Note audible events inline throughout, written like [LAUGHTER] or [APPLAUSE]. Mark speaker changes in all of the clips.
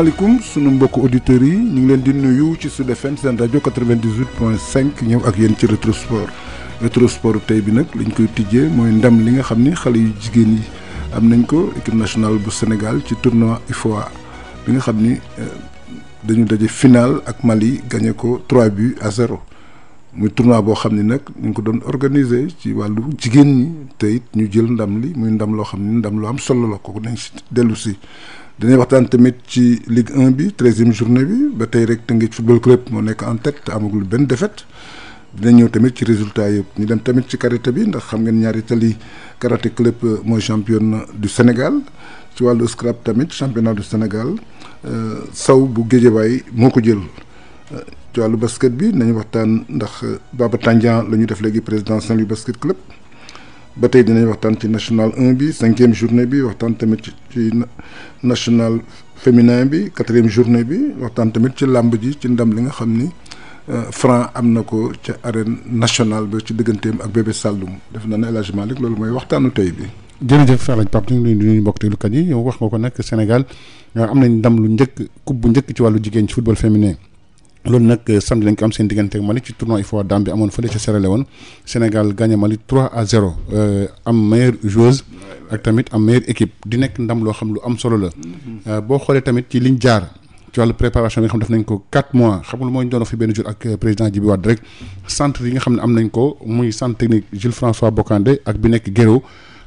Speaker 1: maaleykum sunu mbokk auditeurs yi ñu ngi leen di nuyu ci Sud FM seen rajo 98.5 ñëw ak yéen ci rétro sport rétro sport tey bi nag lañ koy tijjee mooy ndam li nga xam ni xale yu jigéen yi am nañ ko équipe national bu Sénégal ci tournoi UFOA bi nga xam ni euh, dañu daje final ak Mali gagné ko trois buts à 0 muy tournoi boo xam ni nag ñu ngi ko doon organisé ci wàllu jigéen ñi tey ñu jël ndam li muy ndam loo xam ni ndam lu am solo la kooku nañ si dellu si. dinañ waxtaan tamit ci Ligue 1 bi treizième journée bi ba tey rek Teungueth football club moo nekk en tête te amagul benn défaite dinañ ñëw tamit ci résultat yëpp ñu dem tamit ci karaté bi ndax xam ngeen ñaari tali karaté club euh, mooy championne du Sénégal ci wàllu scrap tamit championnat du Sénégal euh, saw bu Guédiawaye moo ko jël. Euh, ci wàllu basket bi nañu waxtaan ndax Baba tànjan la ñu def léegi président Saint-Louis basket club. ba tey dinañ waxtaan ci national 1 bi cinquième journée bi waxtaan tamit ci national féminin bi quatrième journée bi waxtaan tamit ci làmb ji ci ndam li nga xam ni euh, Franc am na ko ca arène nationale ba ci digganteem ak bébé Saloum def na ne El Hadj loolu mooy waxtaanu tey bi. jërëjëf El Hadj Pape ñu ngi nuyu ñu mbokk déglukat yi yow wax nga ko nag Sénégal euh, am nañ ndam lu njëkk coupe bu njëkk ci wàllu jigéen ci football féminin. loolu nag euh, samedi lañ ko am seen diggante ak Mali ci tournoi UFOA Dame bi amoon fële ca Sierra Leone Sénégal gagné Mali 3 à 0 euh, am meilleure joueuse ak tamit am meilleure équipe di nekk ndam loo xam lu am solo la mm-hmm. euh, boo xoolee tamit ci liñ jaar ci wàllu préparation bi nga xam def nañ ko 4 mois xamul lu mooy doon fi benn jour ak président Djibi Wade rek centre yi nga xam ne am nañ ko muy centre technique Jules François Bocandé ak bi nekk Guéréo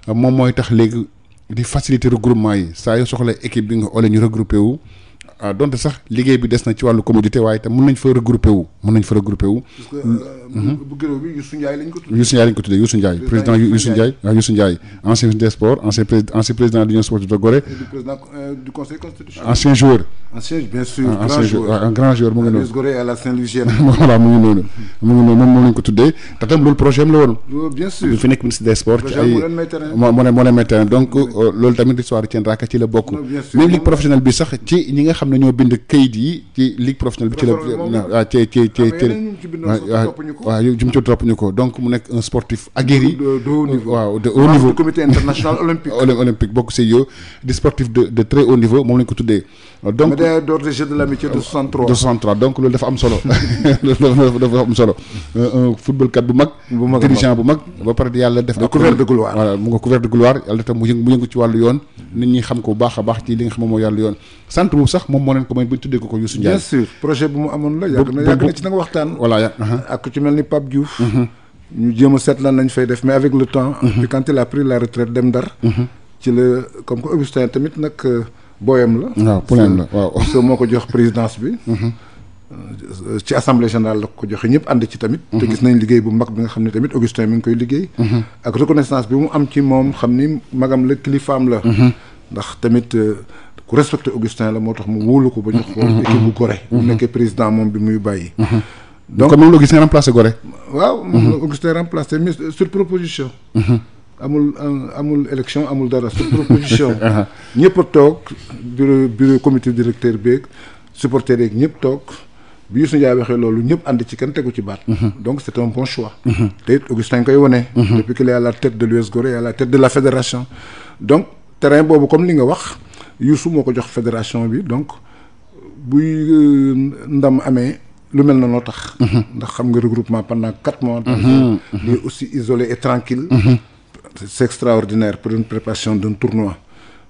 Speaker 1: moom mooy tax léegi di faciliter regroupement yi saa soxla équipe bi nga ole ñu regroupé wu Euh, donte sax liggéey bi des na ci wàllu commodité waaye itam mën nañ fa regroupé wu mën nañ fa regroupé wu. Euh, mhm. bu gërëm bi Youssou Ndiaye lañ ko tuddee. Youssou Ndiaye lañ ko tuddee Youssou Ndiaye président Youssou Ndiaye waaw Youssou Ndiaye ancien ministre des sports ancien président ancien président de l'Union sportive de Gorée. du président euh, du conseil constitutionnel. ancien joueur. ancien bien sûr ah, grand joueur ah, un grand joueur mu ngi noonu. Gorée à la Saint-Louisienne. [LAUGHS] voilà mu ngi noonu mu ngi noonu moom moom lañ ko tuddee te tam loolu projet am la woon. bien sûr bu fi nekk ministre des sports. ci ay moo moo leen may terrain donc loolu tamit histoire Tiendra ci la bokk. même ligue professionnelle bi sax ci ñi nga xam nañoo bind kayit yi ci ligue professionnelle bi ci la waaw ci ci ci ah, ci waaw yow jum topp ñu ko donc mu nekk un sportif aguerri waaw de haut niveau [LAUGHS] olympique olympique bokk si yow di sportif de de très niveau moom lañ ko tuddee donc loolu dafa am solo [LAUGHS] loolu dafa euh, bu mag. bu bu mag. ba pare yàlla def nga couvert de gloire yàlla tam mu yëngu mu yëngu ci wàllu yoon. nit ñi xam ko baax a baax ci li nga xam moo yàllu yoon sant boobu sax moom moo leen ko may bu tuddee ko ko Youssou Ndiaye. bien sûr projet bu mu amoon la. yàgg na yàgg na ci nag waxtaan. voilà ak ci mel ni Pape Diouf. Mhm. ñu jéem a seet fay def mais avec le temps. Mhm. puis quand il a la retraite dem Ndar. Mhm. ci la comme booyam la. waaw poulain la waaw. soo moo ko jox présidence bi. Mhm. ci assemblée générale la ko joxe ñëpp ànd ci tamit. te mhm. gis nañ liggéey bu mag bi nga xam ne tamit Augustin mi ngi koy liggéey. Mhm. ak reconnaissance bi mu am ci moom xam ni magam la kilifaam la. ndax tamit euh, ku respecté Augustin la moo tax mu wóolu ko ba ñu xool équipe bu Gorée. mu nekkee président moom bi muy bàyyi. donc kon moom la Augustin remplacé Gorée. waaw moom la Augustin remplacé mais sur amul amul élection amul dara su proposition [LAUGHS] uh-huh. ñëpp a toog bureau bureau comité directeur beeg supporter yeeg ñëpp toog bi Youssou Ndiaye waxee loolu ñëpp ànd ci kenn tegu ci baat uh-huh. donc c'est un bon choix uh-huh. te it Augustin koy wone depuis qu'il est à la tête de l'US Gorée à la tête de la fédération donc terrain boobu comme li nga wax Youssou moo ko jox fédération bi donc buy euh, ndam amee lu mel na noo tax ndax xam nga regroupement pendant quatre mois. li aussi isolé et tranquille c'est extraordinaire pour une préparation d'un tournoi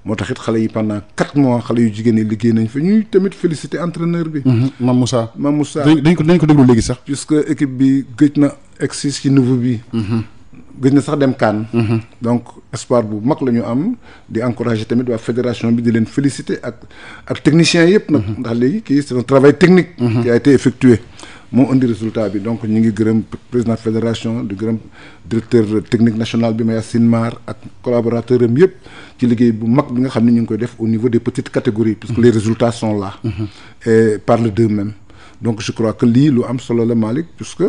Speaker 1: moo tax it xale yi pendant quatre mois xale yu jigéen yi liggéey nañ fa ñuy tamit féliciter entraîneur bi. Mhm. Mame Moussa Mame Moussa dañ ko dañ ko déglu léegi sax. puisque équipe bi gëj na egsi ci niveau bi. Mhm. gëj na sax dem kaan. Mhm. donc espoir bu mag la ñu am di encourager tamit waa fédération bi di leen féliciter ak ak techniciens yëpp nag. ndax léegi kii c'est travail technique. qui a été effectué. moo indi résultat bi donc ñu ngi gërëm président fédération di gërëm directeur technique national bi Mayacine Mar ak collaborateur yëpp ci liggéey bu mag bi nga xam ne ñu ngi koy def au niveau de petites catégories puisque mhm. les résultats sont là mhm. et parlent d'eux-mêmes donc je crois que lii lu am solo la Malick puisque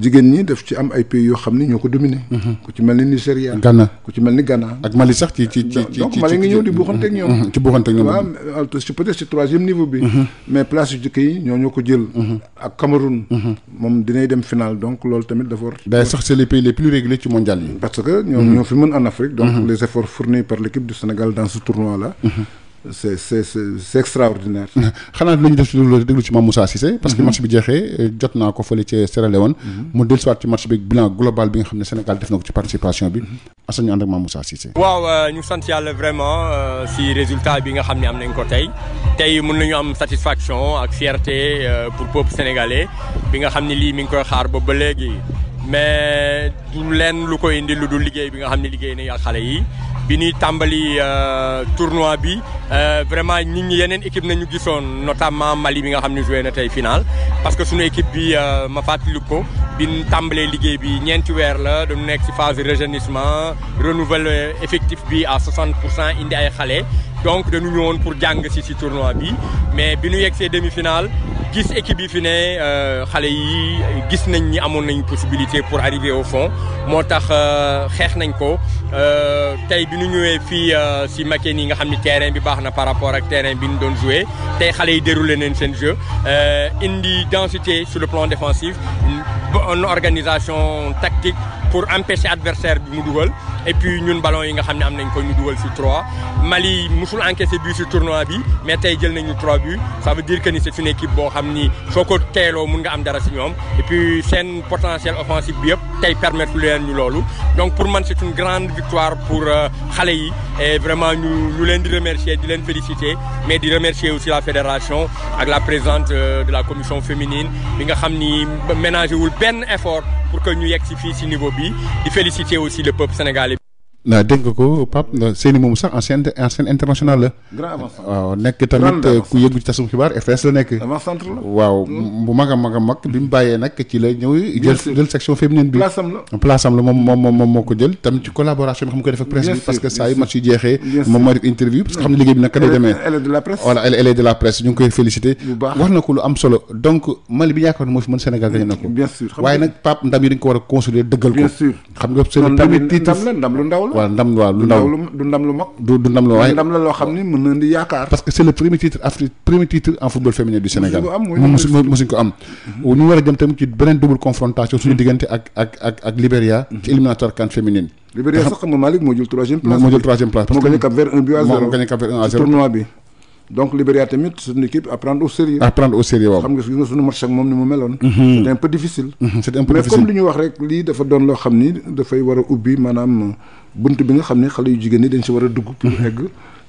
Speaker 1: jigéen ñi def ci am ay pays yoo xam ni ñoo ko dominé. Mhm. ku ci mel ni Nigéria. Ghana ku ci mel ni Ghana. ak Mali sax ci ci ci ci donc Mali nga ñoom. Mhm. ci buuxanteeg ñoom waaw ci troisième niveau bi. Mhm. mais place yu jëkk yi ñoo ñoo ko jël. ak Cameroun. moom dinay dem final donc loolu tamit dafa war. sax c'est les pays les plus réguliers ci mondial yi. parce que ñoom ñoo fi mën en Afrique. donc les efforts fournis par l'équipe du Sénégal dans ce tournoi là. c'est c'est c'est extraordinaire. [LAUGHS] xanaa dinañ def lu déglu ci Mame Moussa Cissé. parce que mm-hmm. match bi jeexee eh, jot naa ko fële ci Sierra Leone. Mm-hmm. mu dellusiwaat ci match bi bilan global bi nga xam ne Sénégal def na ko ci participation bi. Mm-hmm. asa ñu ànd ak Mame Moussa
Speaker 2: Cissé. waaw euh, ñu sant euh, si résultat bi nga xam ne am nañ ko tey tey mën nañu am satisfaction ak fierté euh, pour peuple sénégalais bi nga xam ni lii mi ngi koy xaar ba ba léegi mais du leen lu koy indi lu dul liggéey bi nga xam ne liggéey nañ ak xale yi. bi ñuy tàmbali euh, tournoi bi euh, vraiment ñi ñi yeneen équipe nañu gisoon notamment Mali bi nga xam ne joué na tey final parce que suñu équipe bi euh, ma fàttaliku ko bi ñu tàmbalee liggéey bi ñeenti weer la dañu nekk ci phase de rajeunissement renouveler effectif bi à 60 pour cent indi ay xale donc dañu ñëwoon pour jàng si si tournoi bi mais bi ñu yegsee demi finaal gis équipe bi fi ne euh, xale yi gis nañ ni amoon nañ possibilité pour arriver au fond moo tax euh, xeex nañ ko euh, tey bi ñu ñëwee fii si Makeni nga xam ni terrain bi baax na par rapport ak terrain bi ñu doon jouer tey xale yi déroulé nañ seen jeu indi densité sur le plan défensif une organisation tactique pour empêcher adversaire bi mu dugal e puis ñun ballon yi nga xam ne am nañ ko ñu dugal si 3 Mali musul enkese but si tournoi bi mais tey jël nañu 3 buts ça veut dire que ni c'est une équipe boo xam ni soo ko teeloo mun nga am dara si ñoom et puis seen potentiel offensif bi yëpp tey permettre leen ñu loolu donc pour man c'est une grande victoire pour euh, xale yi et vraiment ñu ñu leen di remercier di leen féliciter mais di remercier aussi la fédération ak la présidente euh, de la commission féminine bi nga xam ni ménagé wul benn effort pour que ñu yegg ci fii ci niveau bi di féliciter aussi le peuple sénégalais.
Speaker 1: naa dégg nga ko Pape seeni moom sax ancien ancien international la. waaw nekk tamit ku yëngu ci tasum xibaar RTS la nekk. waaw bu mag a mag a mag bi mu bàyyee nag ci la ñëw. jël jël section féminine bi. place am la moom moom moo ko jël tamit ci collaboration bi xam nga ko def ak presse bi. parce que saa yu match yu jeexee. moom moo def interview parce que xam ne liggéey bi naka lay demee. elle est de la presse voilà elle est ko lu am solo donc Mali bi yaakaar na moo fi mën Sénégal ko. bien sûr waaye nag Pape ndam yi ko war a consolider dëggal ko. xam nga waa ndam waaw lu ndaw du ndam lu mag du du ndam lu waaye ndam la loo xam ni mën na di yaakaar parce que c'est le premier titre Afrique premier titre en football féminin du Sénégal mosuñ ko am mhm. ñu war a jëm tamit ci beneen double confrontation suñu mhm. diggante ak ak ak ak Libéria ci mhm. éliminatoire CAN féminine Libéria sax xam nga moo jël troisième place moo jël troisième place moo gagné Cap Vert un but à zéro moo gagné Cap un à zéro donc Libéria tamit suñu équipe à prendre au sérieux à prendre au sérieux waaw xam nga gis nga suñu match moom ni mu meloon mhm. c'était un peu difficile mhm, c'était un peu difficile comme li ñu wax rek lii dafa doon loo xam ni dafay war a ubbi maanaam bunt bi nga xam ne xale yu jigéen ñi dañ si war a dugg pour mhm. egg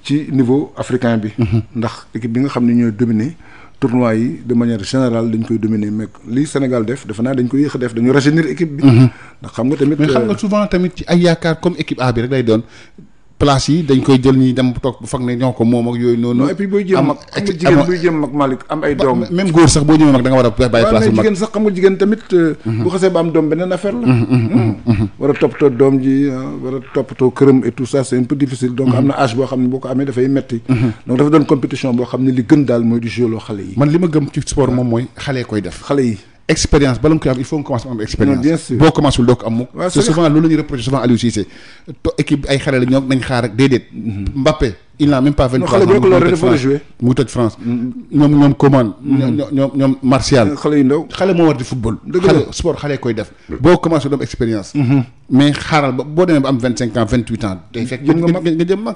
Speaker 1: ci niveau africain bi ndax équipe bi nga xam ne ñoo dominer tournoi yi de manière générale dañ koy dominer mais lii Sénégal def defe naa dañ koy yéex a def dañu rajeunir équipe bi ndax tamit mais euh, yaakaar comme équipe bi rek lay place yi dañ koy jël ñuy dem toog bu fag ne ñoo ko moom ak yooyu noonu. et booy jéem ak jigéen am ay doom. même góor sax boo jëmee mag da nga war a bàyyi place euh, mm-hmm. bu mag doom beneen affaire la. Mm-hmm, mm-hmm, mm. war a toppatoo doom ji euh, war a toppatoo këram et tout ça c' un peu difficile. donc am na âge boo xam ne boo ko amee dafay metti donc dafa doon compétition boo xam ne li gën daal mooy di joué xale yi. man li ma gëm ci sport moom mooy xale koy def xale yi expérience bala nga koy am il faut nga commencé am expérience boo commencé doo ko am mukk c'est souvent loolu la ñuy souvent Aliou Cissé to équipe ay xale la nañ xaar rek déedéet mm-hmm. Mbappé il n'a même pas 23 ans mu toj France ñoom ñoom Coman mm-hmm. ñoom Martial mm-hmm. xale moo war di football xale sport xale koy def mm-hmm. boo commencé doom expérience mais xaaral boo demee ba am vingt cinq ans vingt huit ans day fekk nga jëm mag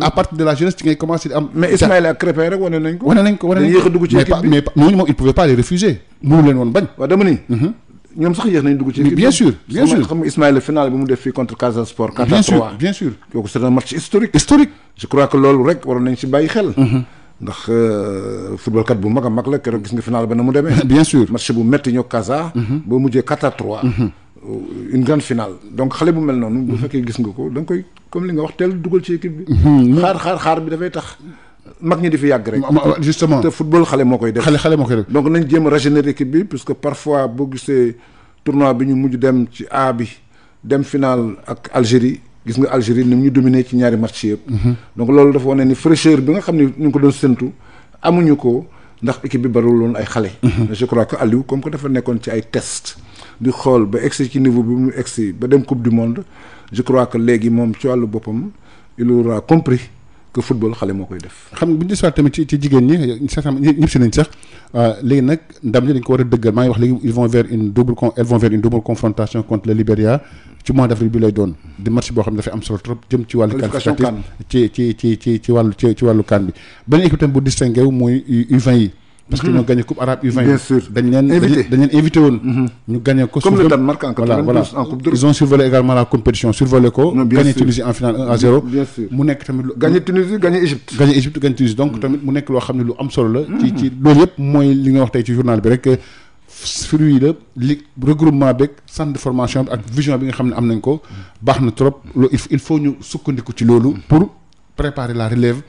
Speaker 1: à partir de la jeunesse ngay commencé di am mais Ismaïla Crépin rek wane nañ ko wane nañ ko wane nañ ko mais ñooñu moom il pouvait pas les refuser mënu leen woon bañ ñoom sax yéex nañ dugg ci. bien sûr bien sûr xam nga Ismaïla bi mu def fii contre Casa Sport. 4 à bien sûr que loolu rek waroon nañ ci bàyyi xel. Mhm. Euh, a mag gis nga final ba na mu demee. [LAUGHS] bien sûr match bu metti ñoo Casa. Mhm. boo mujjee 4 à 3. une grande bu mel noonu. Mhm. gis nga ko da comme li nga wax teel dugal ci équipe bi. xaar xaar xaar bi dafay tax. mag ñi di fi yàgg rek. am te football xale moo koy def. xale xale moo koy def donc nañ jéem a régénérer équipe bi puisque parfois boo gisee tournoi bi ñu mujj dem ci A bi dem final ak Algérie gis nga Algérie ni mu ñu dominé ci ñaari match yëpp. Mhm. donc loolu dafa wane ni fraîcheur bi nga xam ne ñu ngi ko doon séntu amuñu ko ndax équipe bi barul woon ay xale. Mhm. je crois que Aliou comme que defa nekkoon ci ay test di xool ba egsi ci niveau bi mu egsi ba dem coupe du monde je crois que léegi moom ci wàllu boppam il aura compris que football xale moo koy def. xam nga bu ñu disuwaat tamit ci ci jigéen ñi sax nañ sax euh, léegi nag ndam ñi dañ ko war a dëggal maa ngi wax léegi ils vont vers une double con elles vont confrontation contre le Libéria ci mois d'avril bi lay doon di match boo xam ne dafay am solo trop jëm ci wàllu qualificatif ci ci ci ci ci wàllu ci ci wàllu bi beneen équipe bu distingué mooy u yi parce que mhm. ñoo gagné coupe arabe U20. bien sûr dañ leen invité dañ leen invité woon. Mhm. ñu gagné ko comme le Danemark en voilà voilà ils ont survolé également la compétition survolé ko. non bien sûr gagné Tunisie en finale 1 à 0. bien sûr mu nekk tamit lu. gagné Tunisie gagné Égypte. gagné Égypte gagné Tunisie donc mhm. tamit mu nekk loo xam ne lu am solo la. ci ci loolu yëpp mooy li nga wax tey ci journal bi rek. fruit la li regroupement beeg centre de formation ak vision bi nga xam ne am nañ ko baax na trop il faut ñu sukkandiku ci loolu pour. préparer la relève.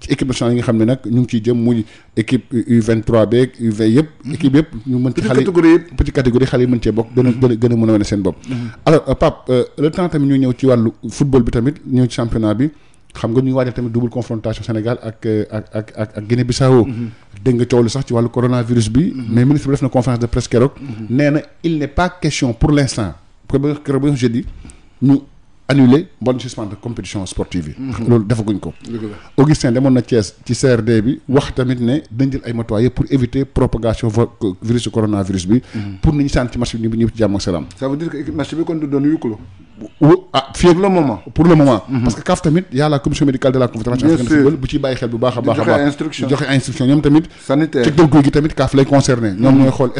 Speaker 1: ci équipe nationale yi nga xam ne nag ñu ngi ciy jëm muy équipe U23 beeg UV yëpp. équipe yëpp ñu mën ci xale yi catégorie mën cee bokk. gën a mhm. gën a gën seen bopp. Mhm. alors euh, Pape euh, le temps tamit ñu ñëw ci wàllu football bi tamit ñëw championnat bi xam nga ñu ngi waajal tamit double confrontation Sénégal ak euh, ak ak ak ak Guinée Bissau. Mhm. nga coow lu sax ci wàllu coronavirus bi. mais ministre bi def na conférence de presse keroog. nee il n' pas question annuler bonne suspendre compétition sportive yi. Mhm. loolu defaguñ ko. Augustin demoon na Thiès ci CRD bi wax tamit ne dañ jël ay matuwaay pour éviter propagation virus coronavirus bi. Mhm. pour ni ñu sànni ci match bi ñëpp jàmm ak ah, mhm. parce que CAF tamit y commission médicale de la confédération africaine de football bu ciy bàyyi xel bu baax a baax. joxe instruction joxe instruction ñoom tamit. ci dëgg gi tamit CAF lay concerné. ñoom ñooy xool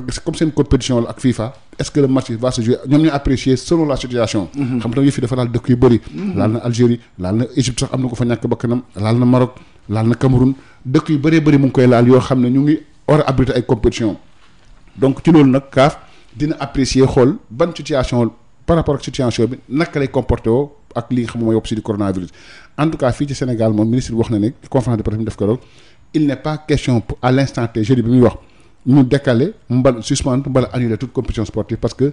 Speaker 1: parce que comme seen compétition la ak FIFA est-ce que le match va se jouer ñoom ñu apprécier selon la situation. Mhm. xam nga yëf yi dafa laal dëkk yu bëri. Mhm. laal na Algérie laal na Égypte sax am na ko fa ñàkk bakkanam laal na Maroc laal na Cameroun dëkk yu bëree bëri mu ngi koy laal yoo xam ne ñu ngi war a abriter ay compétition donc ci loolu nag CAF dina apprécier xool ban situation par rapport ak situation bi naka lay comporté woo ak li nga xam mooy si di coronavirus en tout cas fii ci Sénégal moom ministre wax na ne conférence de presse bi bi muy wax. ñu décaler mbal suspendre mbala annuler toute compétition sportive parce que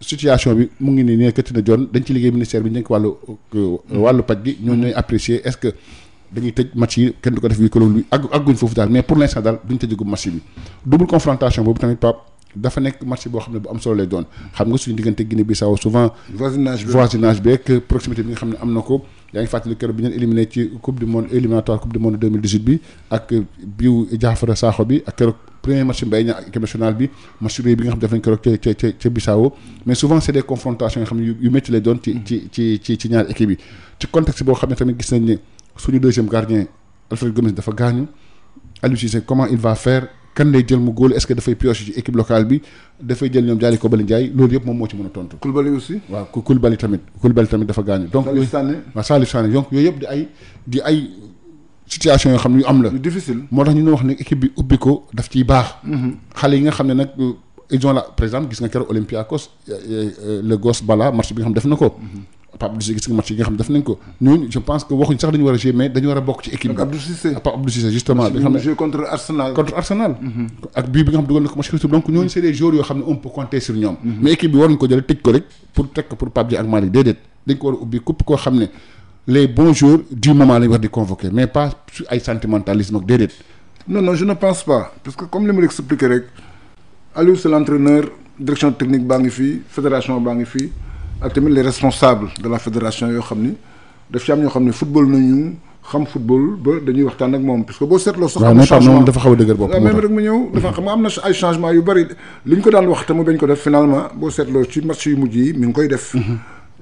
Speaker 1: situation bi mu ngi nii nee këtt na jon dañ ci liggéey ministère bi ñu nekk wàllu euh, mm. wàllu paj gi ñoo ñooy apprécier est-ce que dañuy tëj match yi kenn du ko def wi koloolu bi agg foofu daal mais pour l'instant daal duñ tëjagum match bi double confrontation boobu tamit Pape dafa nekk match boo xam ne bu am solo lay doon xam nga suñu diggante Guinée Bissau souvent voisinage bi voisinage bi ak nga xam ne am na ko yaa ngi fàttali keroog bi ñu éliminé ci coupe du monde éliminatoire coupe bi ak biu bi ak keroog premier match Mbaye Niang ak équipe nationale bi match bi nga xam def nañ ko rek ca ca Bissau mais souvent c' est des xam ne yu métti lay doon ci ci ci ñaari équipe yi ci contexte boo xam ne tamit gis nañ ne suñu deuxième gardien Alfred Gomes dafa gaañu Aliou comment il va faire kan lay jël mu góol est-ce que dafay pioche ci équipe locale bi dafay jël ñoom jaari Kobali Ndiaye loolu yëpp moom moo ci mën a tontu. Koulibaly aussi. waaw Koulibaly tamit Koulibaly situation yoo xam ne yu am la. difficile moo tax ñu wax ne équipe bi ubbi ko daf ciy baax. Mm-hmm. xale yi nga xam ne nag euh, gis nga keroog Olympiakos euh, euh, le gosse Bala match bi nga xam def na ko. Mm-hmm. Pape Abdou nga xam def nañ ko a a ci équipe ah, bi. nga xam ne contre Arsenal. contre Arsenal. Mm-hmm. ak bii ko match donc ñooñu c'est des joueurs yoo xam ne on peut compter sur ñoom. mais équipe bi waruñ ko jël tëj ko rek pour teg ko pour Pape Dia ak Malick déedéet dañ ko war a ubbi képp koo xam ne les bons jours du moment la ñu di convoquer mais pas ay sentimentalisme ak déedéet. non non je ne pense que comme li ma la expliqué rek Aliou c'est l'entraîneur direction technique baa ngi fii fédération baa ngi fi ak tamit les responsables de la fédération yoo xam ni daf ci am ñoo xam ne football nañu xam football ba dañuy waxtaan ak moom parce que boo seetloo. sax am changement dafa xaw a dëgër bopp même rek mu ñëw. dafa xam nga am na ay changement yu bari li ñu ko daan wax te mu bañ ko def finalement boo seetloo ci match yu mujj ngi koy def. Mhm.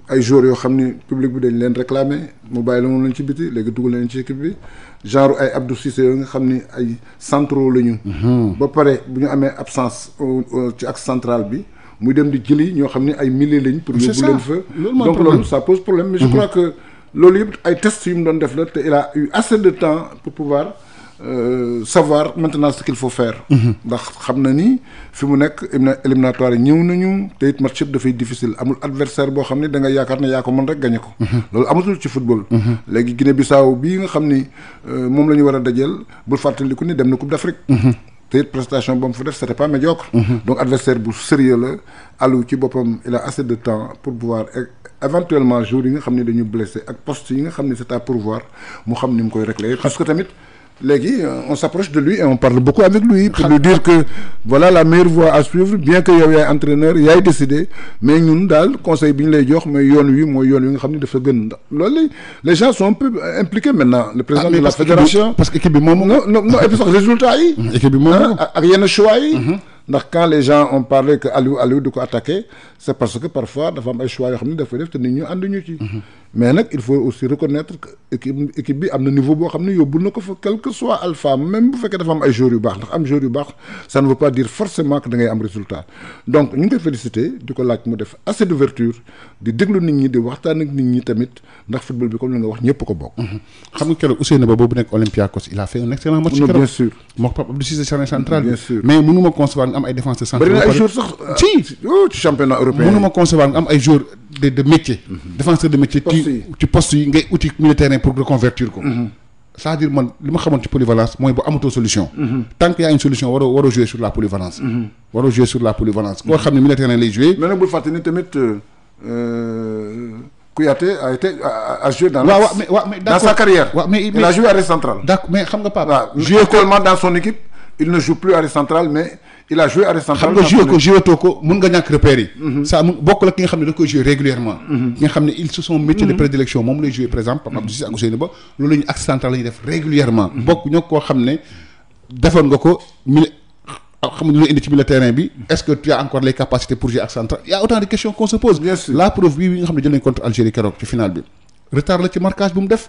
Speaker 1: ay joueurs yoo xam ni public bi dañ leen réclamé mu bàyyi la moom lañ ci biti léegi dugal leen ci équipe bi genre ay Abdou Cissé yoo nga xam ni ay centraux la ñu mhm. ba pare bu ñu amee absence euh, euh, ci axe central bi muy dem di jëli ñoo xam ni ay milliers lañ pour yóbbu leen fa donc loolu ça pose problème mais je mhm. crois que loolu yëpp ay tests yu mu doon def la te il a eu assez de temps pour pouvoir Euh, savoir maintenant ce qu'il faut faire. Mhm. ndax xam na ni fi mu nekk éliminatoire ñëw nañu te it match dafay difficile amul adversaire boo xam ne da nga yaakaar ne yaa ko mën rek gagné ko. Mhm. loolu amatul ci football. Mhm. léegi Guinée Bissau bii nga xam ni euh, moom la war a dajeel bul fàttaliku ni dem na Coupe d'Afrique. te it prestation boobu fa def c'était pas médiocre. donc adversaire bu sérieux la Aliou ci boppam il a assez de temps pour yi nga xam ne dañu blessé ak pourvoir mu léegi euh, on s'approche de lui et on parle beaucoup avec lui pour lui dire que voilà la meilleure voie à suivre bien que yow yaay entraîneur yaay décidé mais ñun daal conseil bi ñu lay jox mais yoon wi mooy yoon wi nga xam ni dafa gën ndax loolu les gens sont un peu impliqués maintenant le président ah, de la fédération parce que bi moom mm, moom ah, ak yenn choix yi mm-hmm. ndax quand les gens ont que Aliou Aliou du ko attaqué c'est parce que parfois dafa am choix yoo xam ne dafa def te nit mais nag il faut aussi reconnaître équipe bi am na niveau boo xam ne yóbbul na ko fa quel que alpha même bu fekkee dafa am ay joueurs yu baax ndax am joueurs yu baax ça ne veut pas dire forcément que da ngay am résultat donc ñu ngi koy félicité di ko laaj mu def assez d'ouverture di déglu nit ñi di waxtaan nit ñi tamit ndax football bi comme li nga wax ñëpp ko bokk. Mhm. xam nga keroog Ousseynou Ba boobu nekk Olympiakos ko Pape Abdou Cissé nga am ay euh, oh, nga am ay joueurs. de de métier. Mhm. défenseur de métier. ci ci poste yi ngay outil militaire pour reconvertir ko. Mhm. cest dire man li ma xamoon ci polyvalence mooy bu amatoo solution. Mhm. tant que a une solution waroo waroo jouer sur la polyvalence. waroo jouer sur la polyvalence. koo xam ne militaire lay jouer. mais nag bul fàtte ni tamit. Euh, euh, Kouyaté a été a joué dans. waaw sa carrière. il a joué arrière central. d'accord mais xam nga Pape. joué actuellement dans son équipe il ne joue plus arrière il a joué Arsenal xam nga joué ko joué ko mun nga ñàkk repère yi mhm. ça mun bokk la ki nga xam ne da koy joué régulièrement mhm. ki nga xam ne ils se sont métier de mhm. prédilection moom lay joué par exemple Pape Abdou Cissé ak xam ne defoon nga ko mili xam nga lu indi ci milieu bi est-ce que tu encore les capacités pour jouer axe central il y de questions qu'on se la preuve bi bi nga xam ne jël nañ contre Algérie keroog ci finale bi retard la ci marquage bu mu def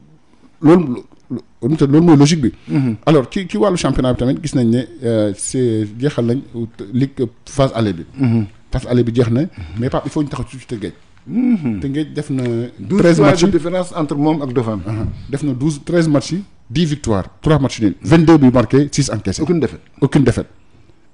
Speaker 1: loolu loolu mooy logique bi. Mhm. alors ci ci wàllu championnat bi tamit gis nañ ne euh, c'est jeexal nañ ligue phase aller bi. Mhm. phase aller bi jeex na. Mhm. mais Pape il faut ñu taxaw ci Tëngéej. Tëngéej def na. treize matchs de différence entre moom ak Dofane. def na douze treize matchs yi dix victoires trois matchs nuls vingt deux buts marqués six encaissés. aucune défaite aucune défaite.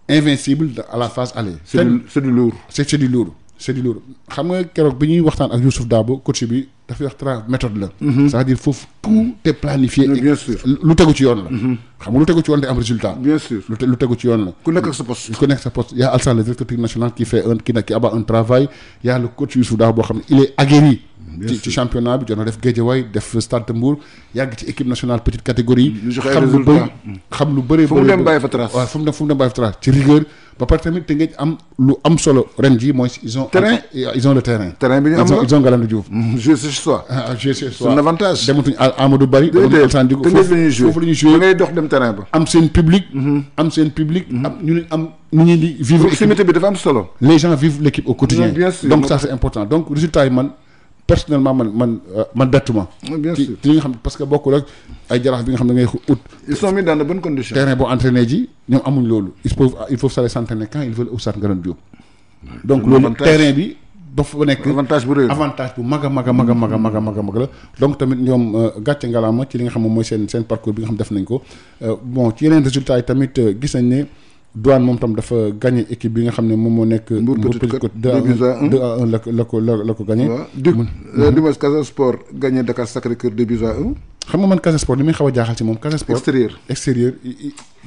Speaker 1: invincible à la phase aller. c'est du c'est du lourd. c'est du lourd. c'est du lourd xam nga keroog bi ñuy waxtaan ak Youssouf Dabo coach bi dafay wax tra méthode la. Mhm. c'est-à-dire foofu tout est lu tegu ci yoon la. Mhm. xam nga lu tegu ci yoon day lu tegu ci yoon la. ku nekk ak sa nekk sa poste y a Alassane le directeur technique national fait un qui na qui abat un travail y a le coach Youssouf Dabo boo xam ne il aguerri. ci championnat bi jot na def Guédiawaye def Stade Mbour yàgg ci équipe nationale petite catégorie. xam lu bëri xam lu bëree ba pare tamit Tëngéej am lu am solo ren jii mooy. ils ont terrain ils ont le terrain. bi ñu am ils ont Galandou Diouf. Mm-hmm. joué ce soir. ah joué ce avantage. dem terrain ba. am seen public. Mm-hmm. am seen public. Mm-hmm. am ñu am ñu ngi di. vivre proximité bi dafa am solo. les gens vivent l'équipe au quotidien donc ça c'est important donc résultat yi man. personnellement man man euh, man bettuma. bien sûr ci li nga xam parce que bokkul ak ay jaraaf bi nga xam ne ngay ut. ils boo entraîné ji ñoom amuñ loolu il faut il faut s'aller s'entraîner quand ils veulent au Stade Ngalandou Diop. donc loolu terrain bi. dafa nekk avantage bu rëy avantage bu mag a mag a mag a mag a a mag a mag la donc tamit ñoom euh, gàcce ngalaama ci li nga xam moom mooy seen seen parcours bi nga xam def nañ ko euh, bon ci yeneen résultats yi tamit gis nañ ne. douane moom tam dafa gagné équipe bi nga xam ne moom moo nekk. Mbour Petite Côte deux à un la ko la ko la ko gagné. waaw Duc Dumas Casa Sport gagné Dakar Sacré Cœur deux buts un. xam nga man Casa Sport li muy xaw a jaaxal ci moom. Casa Sport extérieur extérieur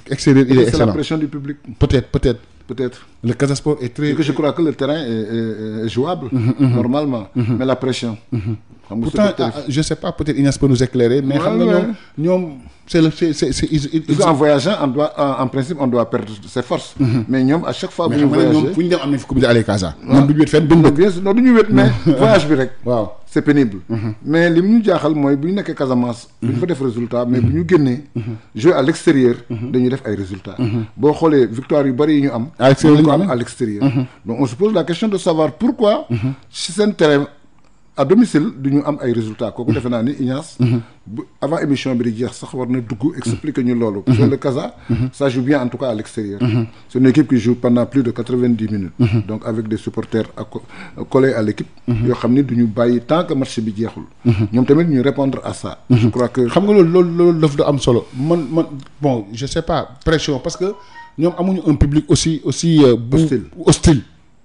Speaker 1: extérieur il est excellent c'est la pression du public. peut-être peut-être. peut-être. Le Casasport est très. Mm-hmm, mm-hmm. Mm-hmm. mais la pression. Mm -hmm. je ne sais pas, peut-être Inès peut nous éclairer, mais c'est le c'est c'est ils en voyageant on doit en principe on doit perdre ses forces. Mm-hmm. mais ñoom à chaque fois. bu ñu voyagé mais fu ñu dem am nañ Casa. waaw du ñu wet fenn duñ dëkk. du ñu wet mais [LAUGHS] voyage bi rek. waaw c'est pénible. Mm-hmm. mais li mu ñu jaaxal mooy bu ñu nekkee Casamance. Mm-hmm. duñ fa def résultat mais bu ñu génnee. jouer à l'extérieur. dañuy def ay résultats. boo xoolee victoire yu bari yi ñu am. à donc on se la question de savoir pourquoi. si a domicile du ñu am ay résultats kooku defe naa ni avant émission bi di jeex sax war na dugg. expliquer ñu loolu. sur le Casa. ça joue bien en tout cas à l'extérieur. c'est une qui joue pendant plus de quatre-vingt-dix minutes. donc avec des supporters ak collés à l'équipe. yoo xam ni du ñu bàyyi tant que match bi jeexul. ñoom tamit ñu répondre à ça. je crois que xam nga loolu loolu loolu daf da am solo man man bon je sais pas pression parce que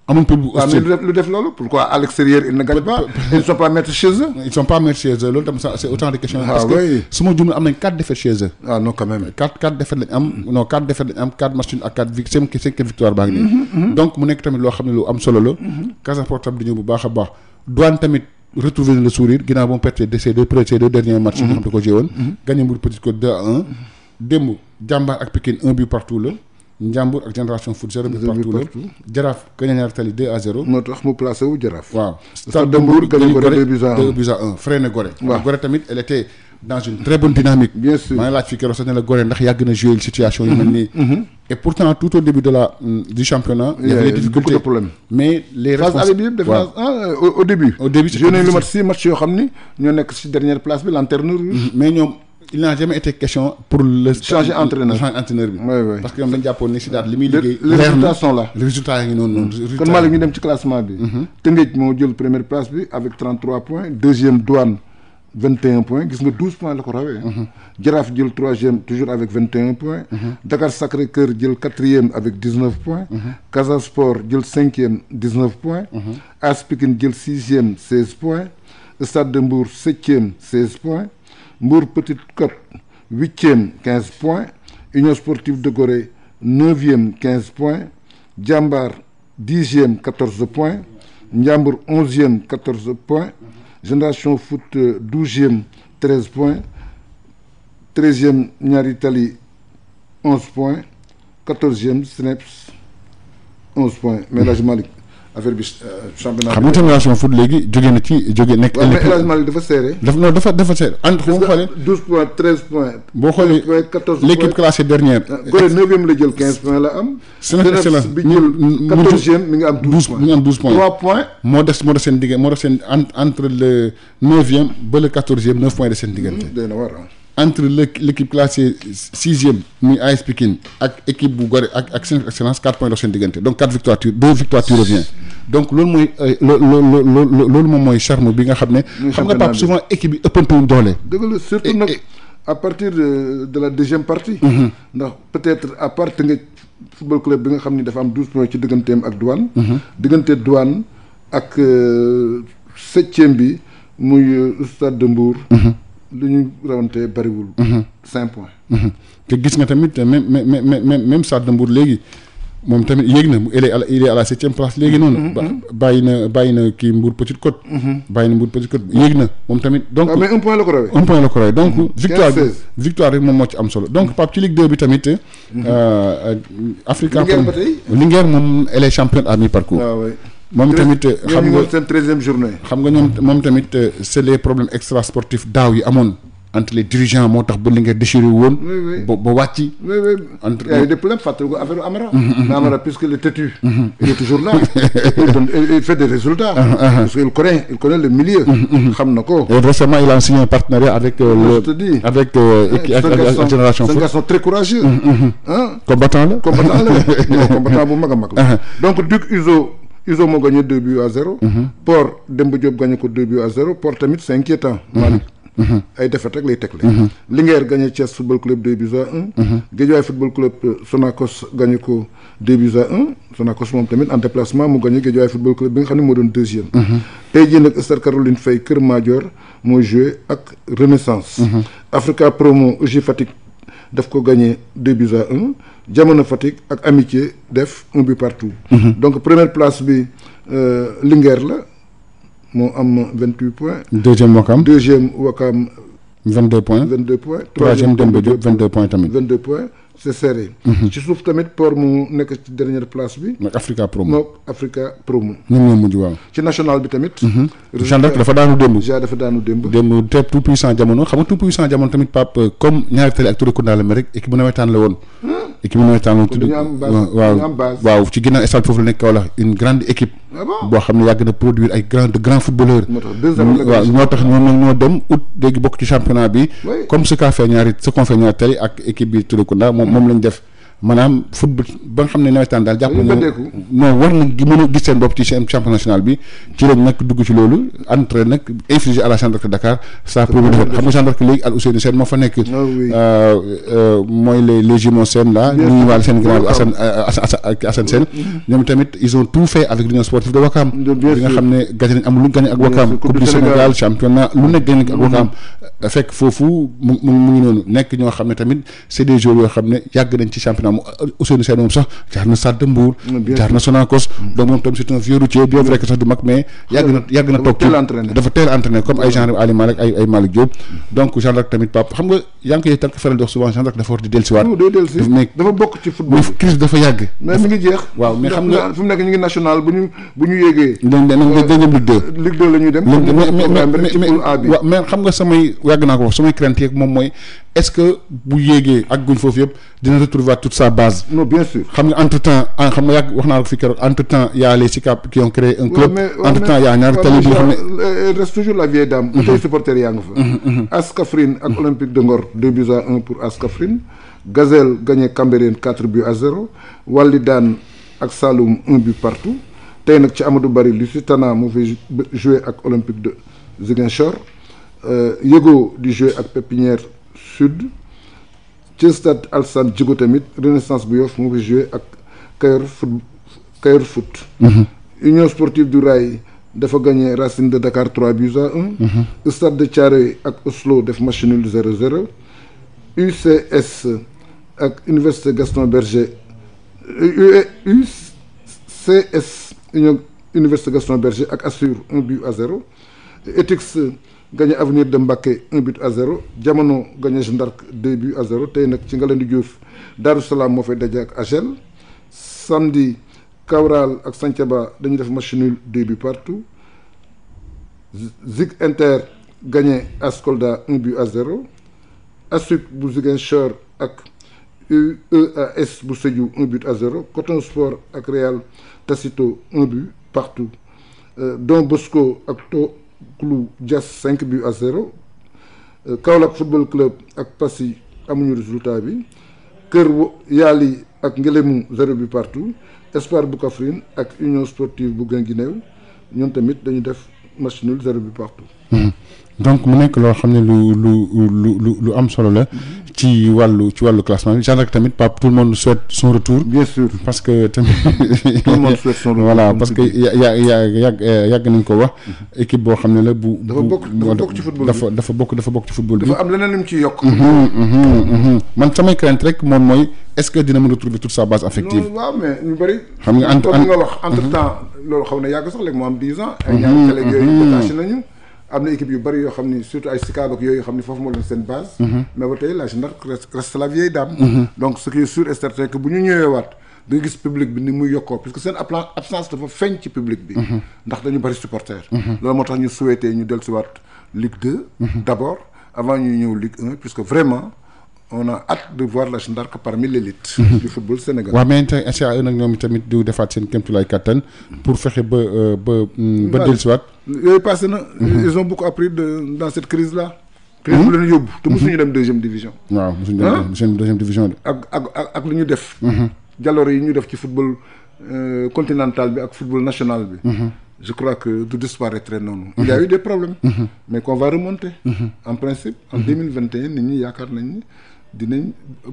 Speaker 1: amuñ public hostile waaw lu def loolu pourquoi à l'extérieur ils ne gagnent pas ils ne pas maîtres chez eux. ils ne pas maîtres chez eux loolu tam c'est autant de ah, que su ma juumee am nañ quatre défaites chez eux. ah non quand même. quatre quatre défaites lañ am quatre défaites lañ am quatre matchs ak quatre vic cinq mm-hmm, mm-hmm. donc mu nekk tamit loo xam ne lu am solo la. Mm-hmm. Casaport tam di sourire ginnaaw ba mu perte de ses deux ces deux xam ne ko jéewoon. gagné mu Njàmbur ak génération foot zéro bi partout Jaraaf gagné ñaari tali 2 à 0. tax mu placé Jaraaf. waaw Stade de Mbour gagné ko 2 buts à 1 2 tamit elle dans une très bonne dynamique. bien laaj fii keroog sax ne la ndax yàgg na joué situation yu mel mhm. nii. Mhm. et pourtant tout au début de la mm, du championnat. il bi yëpp def naa euh, au début. au début c' lu mat six match yoo xam ni ñoo nekk si dernière place bi lanterne mhm. mais ñoom. il n'a jamais été question pour le. changer entraîneur changer entraîneur bi. oui oui parce que ñoom dañu jàppoon ne si daal li muy liggéey. les résultats sont là les résultats yi kon Malick ñu dem ci classement bi. Mhm. Tëngéej moo jël première place bi avec 33 points deuxième douane 21 points gis nga 12 points la ko rawee. Mhm. Jaraaf jël troisième toujours avec 21 points. Mhm. Dakar Sacré Cœur jël quatrième avec 19 points. Casa Sport jël cinquième 19 points. Mbour Petite Côte huitième quinze points Union Sportive de Gorée neuvième quinze points Diambar dixième quatorze points Ndiambour onzième quatorze points Génération Foot douzième treize points treizième Ñaari Tali onze points quatorzième Sneps onze points mais affaire bi euh, championnat xam nga termination léegi jóge na ci jóge nekk. waaw mais élargement dafa serré. dafa non dafa entre boo xoolee 12 points 13 dernière. Ah, Gorée 9e la jël 15 points la am. Sénégal excellence bi jël 14 ngi am 12 points moo des moo des seen diggante moo des seen entre le 9e ba le 14e 9 points de seen diggante. Hmm, day na war entre le l'équipe classée sixième muy AS Pikine ak équipe bu Gorée ak ak seen excellence quatre points dox seen diggante donc quatre victoires deux victoires tu reviens donc loolu mooy euh, loolu moom mooy charme bi nga xam ne xam nga Pape souvent équipe yi ëppantewuñ doole dëgg la surtout nag à partir de de la deuxième partie mm-hmm. ndax peut-être à part nga football club bi nga xam ni dafa am douze points ci digganteem ak douane mm-hmm. diggante douane ak euh, septième bi muy euh, stade de Mbour mm-hmm. lu ñu rawante bariwul. Mhm. cinq points. Mhm. te gis nga tamit même même même même Sadio Mbour léegi moom tamit yéeg na mu il est à la il place léegi noonu. Mhm, bàyyi na bàyyi na kii Mbour Petite Côte. bàyyi na Mbour Petite Côte yéeg na moom tamit. donc ah, mais un point la ko rawee. un donc. victoire victoire rek moom moo ci am solo donc Pape ci Ligue 2 bi tamit. Euh, Africa Linguère ba tey Linguère moom elle est championne à mi-parcours. Ah, moom tamit xam nga seen treizième journée. xam nga ñoom moom tamit c' les problèmes extra sportifs daaw yi amoon. entre les dirigeants moo tax ba li nga déchiré woon. ba ba wàcc. entre y' a eu des problèmes fàttali le têtu. il est toujours là. il fait des résultats. parce que connaît il connaît le milieu. na ko. et récemment il a signé un partenariat avec. le avec. ak génération foot. c'est combattant la. combattant la a donc Duc Uzo. Iso moo gagné 2 buts à 0. Mhm. Port Demba Diop gagné ko 2 buts à 0 Port tamit c' est inquiétant. Mhm. Malick mhm. ay défaite rek lay tegle. Linguère gagné Thiès football club 2 football club euh, Sonacos gagné ko 2 buts o 1 Sonacos moom tamit en déplacement mu gagné Guédiawaye football club bi nga xam ne moo doon deuxième. tey jii nag Stade Kër Madior mooy joué ak Renaissance. Africa Promo J Fatick daf ko gagné 2 buts à 1. jamono Fatick ak amitié def un but partout. Mhm. donc première place bi euh, Linguère la moo am vingt huit points. deuxième Wakam deuxième Wakam. vingt deux points tamit. vingt mhm. ci suuf tamit port mu nekk ci dernière place bi. mooy Africa Promo moom Africa Promo. ñoom ñoo mujj waaw. ci national bi tamit. Mhm. Jeanne d'Arc dafa daanu démb. Jeanne dafa daanu démb. démb jamono xam nga tout puissant jamono tamit Pape euh, comme ñaari télé ak Touré Kounda rek équipe bu nawetaan la woon. Hmm. équipe nawetaan la tudd waaw waaw ci ginnaaw stade foofu la nekk Kaolack une grande équipe ah boo xam ne yàgg na produire ay grand de grands footballeurs mm, waaw ñoo tax ñoom nag ñoo dem août léegi bokk ci championnat bi comme ce qu'a fait ñaari ce qu'on fait ñaari tey ak équipe bi Turekunda moom moom lañ def maanaam football ba nga xam ne nawetaan daal jàpp nañu non war na mën a gis seen bopp ci seen champion national bi ci lañ nag dugg ci loolu entré nag infligé à la gendarmerie Dakar sa première fois xam nga nekk ah euh, euh, mooy euh, mm-hmm. de Wakam xam ne gagné nañ amul lu gagné ak Wakam coupe Sénégal championnat lu nekk gagné ak Wakam mm-hmm. fekk foofu mu mu ngi noonu nekk ñoo xam ne tamit c'est des joueurs yoo xam ne yàgg nañ ci championnat naa mu Ousseynou Sène moom sax jaar na Sàdd Mbuur mm, jaar na Sonacos donc moom tam c'est un vieux routier bien vrai que sax du mag mais yàgg na yàgg na toog ci dafa teel entraîné comme ay genre Ali Malick ay ay Malick Diop donc Jean Jacques tamit Pape xam nga yaa ngi koy tànk faral di wax souvent Jean Jacques dafa war di dellusiwaat mais dafa bokk ci football mais crise dafa yàgg mais mi ngi jeex waaw mais xam nga fi mu nekk ñu ngi national bu ñu bu ñu yéegee dañ dem Ligue 2 Ligue 2 la ñuy dem waaw mais xam nga samay yàgg naa ko wax samay crainte yeeg moom mooy est-ce que bu yéegee ak guñ foofu yëpp dina retrouver tout sa base. non bien sûr xam nga entre temps ah, xam nga yàgg wax naa ko fi keroog entre temps y' a les SICAP qui ont créé un club. entre temps y' a ñaari tali bi mm-hmm. yaa nga fa. Mm-hmm, mm-hmm. AS Kaffrine ak Olympique de Ngor deux buts à un pour AS Kaffrine. Gazelle gagné Cambérène quatre buts à zéro. Wally daan ak Saloum un but partout. tey nag ci Amadou Barry Lusitana moo fay joué ak Olympique de Ziguinchor euh, Yego di joué ak Pépinière Sud. ci stade Alassane Djigo tamit Renaissance bu Yoff moo fi joué ak Kayor foot mhm. Union sportive du Rail dafa gagné Racine de Dakar 3 buts à 1. Mhm. stade de Thiaroye ak Oslo def match nul 0-0. ak Université Gaston Berger UCS euh, Union Université Gaston Berger ak Assur 1 but à 0. Etix gagné avenir de Mbacké un but à zéro jamono gagné Jeanne d'Arc deux buts à zéro tey nag ci Ngalandou Diouf Darou Salaam moo fay daje ak Agel samedi Kawral ak Santhiaba dañu def machine nul deux buts partout Zig Inter gagné Ascolda un but bu Ziguinchor ak UEAS bu Sédhiou un but à zéro Coton ak Real Tacito partout euh, Don Bosco ak To. Clou cinq bi buts à 0 euh, Kaolack football club ak Passy amuñu résultat bi Kër Yaali ak Ngélémou 0 bi partout Espoir bu Kaffrine ak Union sportive bu Guinguinéo ñoom tamit dañu def machine nul 0 bi partout. Hmm. donc mu nekk loo xam ne lu lu lu lu lu am solo la ci wàllu ci wàllu classement bi Jean tamit Pape tout le monde souhaite son retour. bien sûr parce que tamit. [LAUGHS] tout le monde voilà parce que ya ya yàgg yàgg nañ ko wax. Mhm. équipe boo xam ne la bu. dafa bokk dafa bokk ci football dafa dafa bokk dafa bokk ci football bi. dafa am leneen lu mu ciy yokk. Mhm, mhm, man samay crainte rek moom mooy est-ce que dina mën a trouver toute sa base affective. non mais ñu bëri. xam nga entre nga wax temps loolu xam na yàgg sax léegi mu am 10 ay ñaari délégués yooyu détaché nañu. am na équipe yu bëri yoo xam ni surtout ay Sikaab ak yooyu xam ni foofu moo leen seen base. Mhm. mais ba tey la Jeanne d'Arc reste la mhm. donc ce qui est sûr et certain bu ñu ñëwee waat da nga gis public bi ni muy yokkoo parce que seen absence dafa feeñ ci public bi. Mhm. ndax dañu bëri supporter. loolu moo tax ñu souhaité ñu dellusiwaat Ligue 2. d' abord avant ñuy ñëw Ligue puisque vraiment. on a hâte de voir la Jeanne d'Arc parmi football sénégalais. waaw mais ba euh, ba mm, ba yooyu passé na. Mhm. ils ont beaucoup appris de dans cette crise là. Mhm. crise bu leen yóbbu. te mosuñu mhm. dem dem deuxième division de. ak ak ak lu ñu def. jaloore yi ñu def ci football euh, continental bi ak football national bi. je crois que du disparaître noonu. il y a eu des mais qu'on va remonter. en principe en deux mille yaakaar nañ ni. dinañ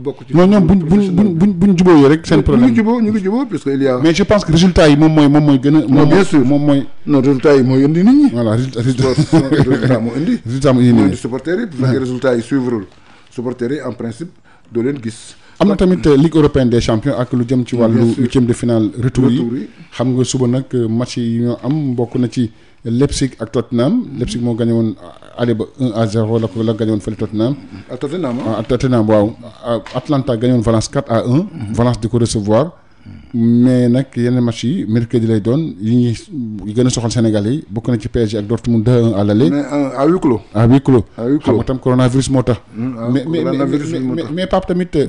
Speaker 1: bokk ci. non bu buñ buñ buñ buñ jubóoyee rek. seen problème ñu ñu ngi jubóo parce que il y a. mais je pense que résultat yi moom mooy moom mooy gën a. non bien moom mooy. non résultat yi mooy indi nit ñi. résultat moo indi. [LAUGHS] résultat moo indi nit ñi supporters yi. bu fekkee résultat yi suivrul supporters yi en principe doo leen gis. am na tamit euh, ligue européenne des champions ak lu jëm ci wàllu huitième de finale retour yi. xam nga suba nag euh, match yi ñoo am bokk na ci. Leipzig ak Tottenham. Mm-hmm. Leipzig moo gagné woon euh, aller ba 1 à 0 la ko la gagné woon fële Tottenham. à Tottenham ah, waaw. Euh, Atlanta gagné Valence 4 à 1. Mm-hmm. Valence di ko recevoir. mais nag yenn match yi mercredi lay doon yi ñuy gën a soxal Sénégal yi bokk na ci PSG ak Dortmund 2-1 à l'aller. mais euh, à huis clos. xam nga tam coronavirus moo tax. Hmm, ah, mais mais mais mais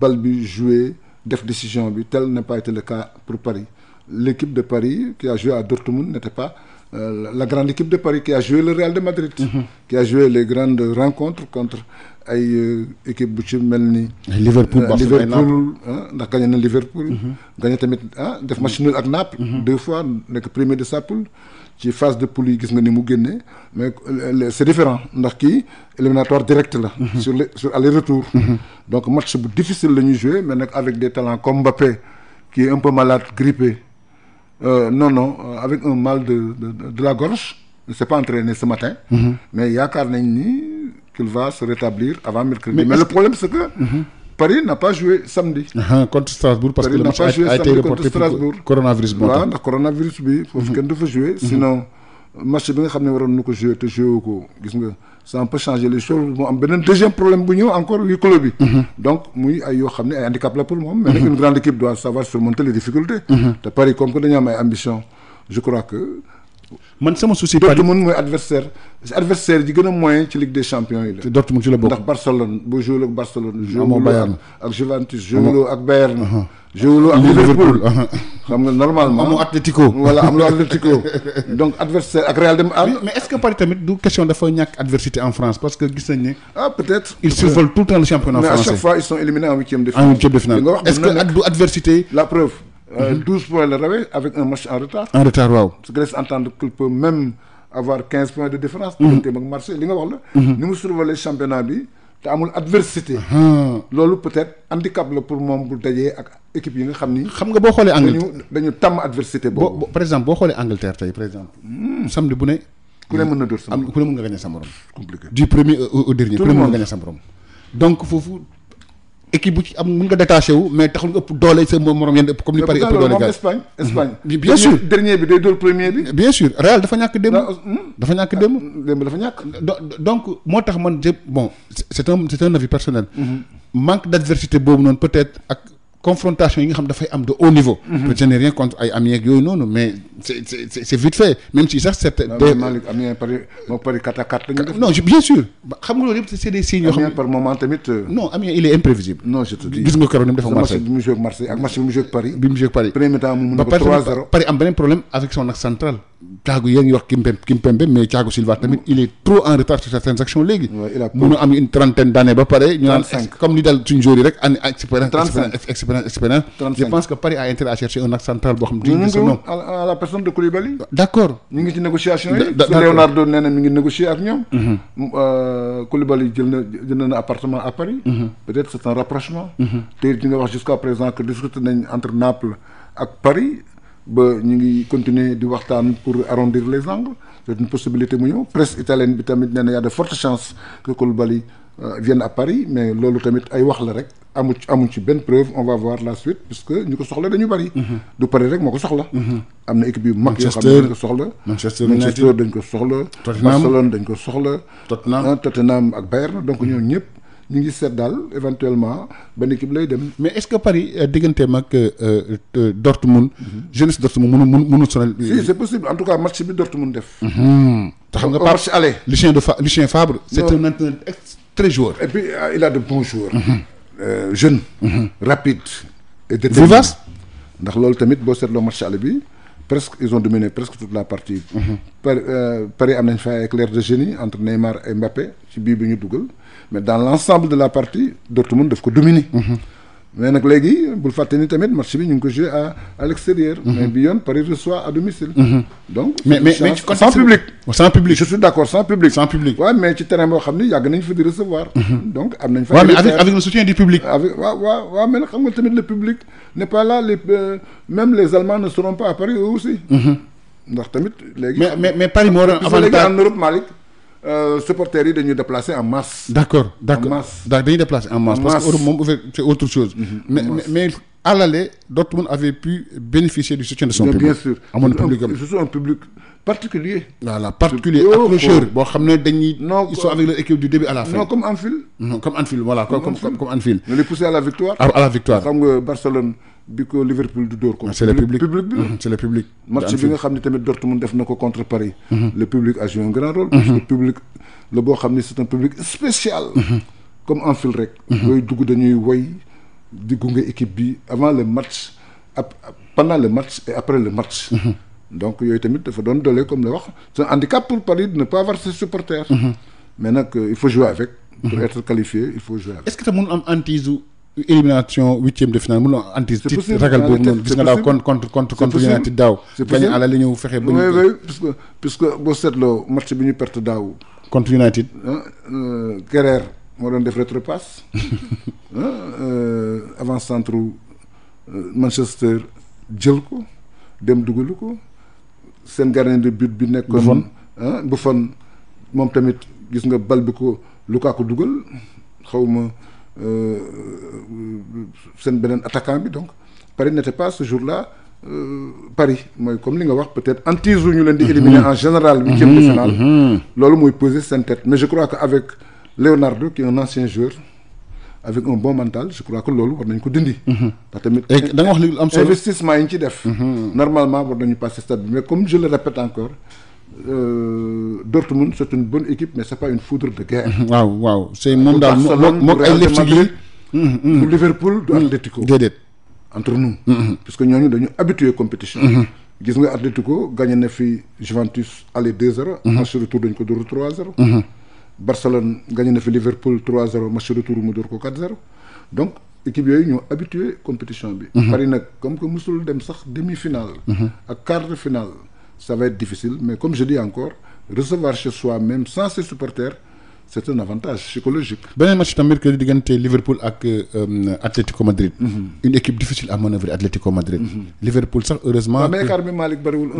Speaker 1: bal bi joué def décision bi tel n'a pas été le cas pour Paris l'équipe de Paris qui a joué à Dortmund n'était pas euh, la grande équipe de Paris qui a joué le Real de Madrid mm -hmm. qui a joué les grandes rencontres contre ay euh, équipe bu ci mel ni Liverpool euh, ndax gagné na Liverpool mm-hmm. gagné tamit ah def match ak Naples mm-hmm. deux fois nekk premier de sa poule ci phase de poule gis nga ni mu génnee mais euh, c'est différent ndax kii éliminatoire direct la mm-hmm. sur le sur aller retour mm-hmm. donc match bu difficile la ñuy jouer mais nag avec des talents comme Mbappé qui est un peu malade grippé euh, non non euh, avec un mal de de, la gorge ne s'est pas entraîné ce matin mm-hmm. mais yaakaar nañ ni qu'il va se rétablir avant mercredi mais le problème c'est que Paris n'a pas joué samedi. contre Strasbourg Paris que le match a, a, été coronavirus. waaw ndax coronavirus mhm. kenn du fa joué. Mhm. sinon match bi nga xam ne waroon na ko joué te joué ko gis nga ça un peu changé les choses beneen deuxième problème bu ñëw encore yu club bi. Mhm. donc muy ay xam ne ay handicap la pour moom. mais nag une grande équipe doit savoir surmonter les difficultés. te Paris comme que dañoo ay ambition je crois que. man sama souci. Dortmund mooy adversaire adversaire ji gën a moyen ci Ligue des Champions yi la. Dortmund ci la bokk ndax Barcelone bu joué ak Barcelone. amoo ak Juventus joué ak Liverpool xam nga normalement amoo Atlético. voilà amoo Atlético [LAUGHS] donc adversaire ak Real dem ànd. mais est-ce que Paris tamit du question dafa ñàkk adversité en France parce que gis nañ ne. ah peut-être. ils survolent tout le temps le championnat en huitième de 12 euh, points le rabais avec un match en retard. en retard waaw. su ko laisse entendre qu'il avoir 15 points de différence. Mhm. digganteem Marseille li nga wax la. Mhm. ni mu survolé championnat bi. te amul adversité. Ah. loolu peut-être handicap la pour moom bu dajee ak équipe yi nga xam ni. xam nga boo xoolee Angleterre dañu tàmm adversité boobu. par exemple boo xoolee Angleterre tey par exemple. Hmm. samedi bu ne. ku ne sa nga gañe sa morom. du premier au dernier. ku équipe bu ci am mën nga détaché mais taxul nga ëpp doole sa morom yéen comme li Paris ëpp doole gars Espagne mm-hmm. Espagne bien sûr dernier bi day dóor premier bi bien sûr Real dafa ñàkk démb ah, hmm. dafa ñàkk démb ah, hmm. dafa ñàkk donc moo tax man jë bon c'est un c'est un avis personnel mm-hmm. manque d'adversité boobu noonu peut-être ak confrontation yi nga xam dafay am de haut niveau. Mhm. peut je rien contre ay Amiens ak yooyu noonu mais c'est c'est vite fait même si sax c'est. des Malick Amiens par moo pari 4 à 4 la ñu def. non bien sûr xam nga loolu yëpp c'est des signes yoo xam. Amiens par moment tamit. Euh, non Amiens il est imprévisible. non je te dis gis nga keroog mu def ak Marseille. bi mu joué ak Marseille ak match bi mu joué ak Paris. bi mu joué ak Paris premier mu mun ko 3-0. Paris am beneen problème avec son axe Thiago yéen ngi wax Kimpembe Kimpembe mais Thiago Silva tamit il est trop en retard sur certaines actions léegi. mënu am une trentaine d' ba pare. ñu naan comme li dal suñu joueur rek. année expérience expérience expérience je pense que Paris a intérêt à chercher un axe central boo xam. digne de son ngi négocier ak ñoom. Mm-hmm. Euh, Koulibaly jël na na appartement mm-hmm. mm-hmm. ak Paris. ba ñu ngi continuer di waxtaan pour arrondir les angles c'est une possibilité mu ñëw presse italienne bi tamit nee na y a de fortes chances que Koulibaly euh, vienne à Paris mais loolu tamit ay wax la rek amu ci amu ci benn preuve on va voir la suite puisque ñu ko soxla dañu bari. Mm-hmm. du Paris rek moo ko soxla. Mm-hmm. am na équipe yu mag yoo xam ne dañ ko soxla. Manchester Manchester dañ ko soxla. Barcelone dañ ko soxla. Tottenham ah, Tottenham ak Bayern donc ñoom ñëpp. ñu ngi seet daal éventuellement benn équipe lay dem mais est-ce que Paris euh, digganteem ak euh, euh, Dortmund mhm. jeunesse Dortmund mënu mënu mënu sonal. si c'est possible en tout cas match bi Dortmund def. Mhm. te xam nga Pape match aller Lucien de Fa Lucien Fabre. c'est un entraîneur très joueur. et puis il a de bons mhm. jeune. rapide. et déterminé vivace. ndax loolu tamit boo seetloo match aller bi. presque ils ont dominé presque toute la partie. Mhm. Paris euh, Paris am nañ fa ay éclair de génie entre Neymar et Mbappé ci bii bi ñu dugal mais dans l' ensemble de la partie Dortmund daf ko dominer. Mhm. mais nag léegi bul fàtte ni tamit match bi ñu ngi ko joué à l'extérieur. Mhm. mais bi yoon Paris reçoit à domicile. Mhm. donc mais mais mais ci sans public. sans public je suis d'accord sans public. sans public ci terrain boo xam ni yàgg nañ fa di recevoir. Mhm. donc am nañ fa. waaw mais avec avec le soutien du public. avec waaw waaw waaw mais nag xam tamit le public n'est pas là les euh, Allemands ne seront pas à Paris aussi. ndax tamit léegi. mais mais mais Paris moo doon avantage en Europe Malick Euh, supporters yi dañuy déplacer en masse. d' accord d' accord dañuy déplacer en masse. parce que moom c' est autre chose. Mhm, mais mais à l'aller Dortmund avait pu bénéficier du soutien de son public. am ce public. particulier voilà particulier oh, accrocheur oh. ne dañuy. ils sont avec leur équipe du début à la fin. comme Anfield. non comme Anfield voilà comme les pousser à la victoire. à la victoire bi ko Liverpool du dóor ko. Ah, c'est le public public bi mm-hmm, c'est le public. match bi nga xam ne tamit Dortmund def na ko contre Paris. Mm-hmm. le public a un grand rôle. parce que mm-hmm. public la boo xam ne c'est un spécial. comme Anfield rek. looy dugg dañuy woy di gunge équipe bi avant le match après le match. donc yooyu tamit dafa doon doole comme la wax c'est un pour Paris de ne pas avoir mais nag euh, il faut jouer avec. pour être qualifié il faut jouer avec. élimination huitième de finale mënuloo anticiper. c' ragal boobu noonu gis nga daaw contre contre contre contre United daaw. c' est possible gagné àll li ñëw fexe ba. oui oui puisque boo seetloo match bi ñu perte daaw. contre United. Ah, euh, Kerrer moo doon def rétrepasse [LAUGHS] ah, euh, avant centre euh, Manchester jël ko dem dugalu ko seen gardien de but bi nekkoon. Buffon ah, fon moom tamit gis nga bal bi ko Lukaku dugal xaw Euh, seen beneen attaquant bi donc Paris n'était pas ce jour la euh, Paris mooy comme li nga wax peut-être antise ñu leen di éliminer mm-hmm. en général huitième de mm-hmm. finale mm-hmm. loolu mooy poser seen tête mais je crois que avec Leonardo qui est un ancien joueur avec un bon mental je crois que loolu war nañ ko dindi. parce que tamit da nga wax li am solo yi ñu ci def. normalement war nañu passer stade bi mais comme je le répète encore. Euh, Dortmund c'est une bonne équipe mais c'est pas une foudre de guerre. [LAUGHS] waaw waaw c'est euh, moom daal moom ay Leipzig mm, mm. du Liverpool du mm. Atlético. déedéet entre nous. parce que ñooñu dañu habitué compétition. gis nga Atlético gagné na fi Juventus aller 2-0. match retour dañ ko dóor 3-0. Barcelone gagné na fi Liverpool 3-0 match retour mu dóor ko 4-0 donc. équipe yooyu ñoo habitué compétition bi. Paris nag comme que musul dem sax demi-finale. ak quart ça va être difficile mais comme je dis encore recevoir chez soi même sans ses supporters c'est un avantage psychologique. beneen match tamit que diggante Liverpool ak euh, Atlético Madrid. Mhm. une équipe difficile à manœuvrer Atlético Madrid. Mhm. Liverpool sax heureusement. mais écart bi Malick bëriwul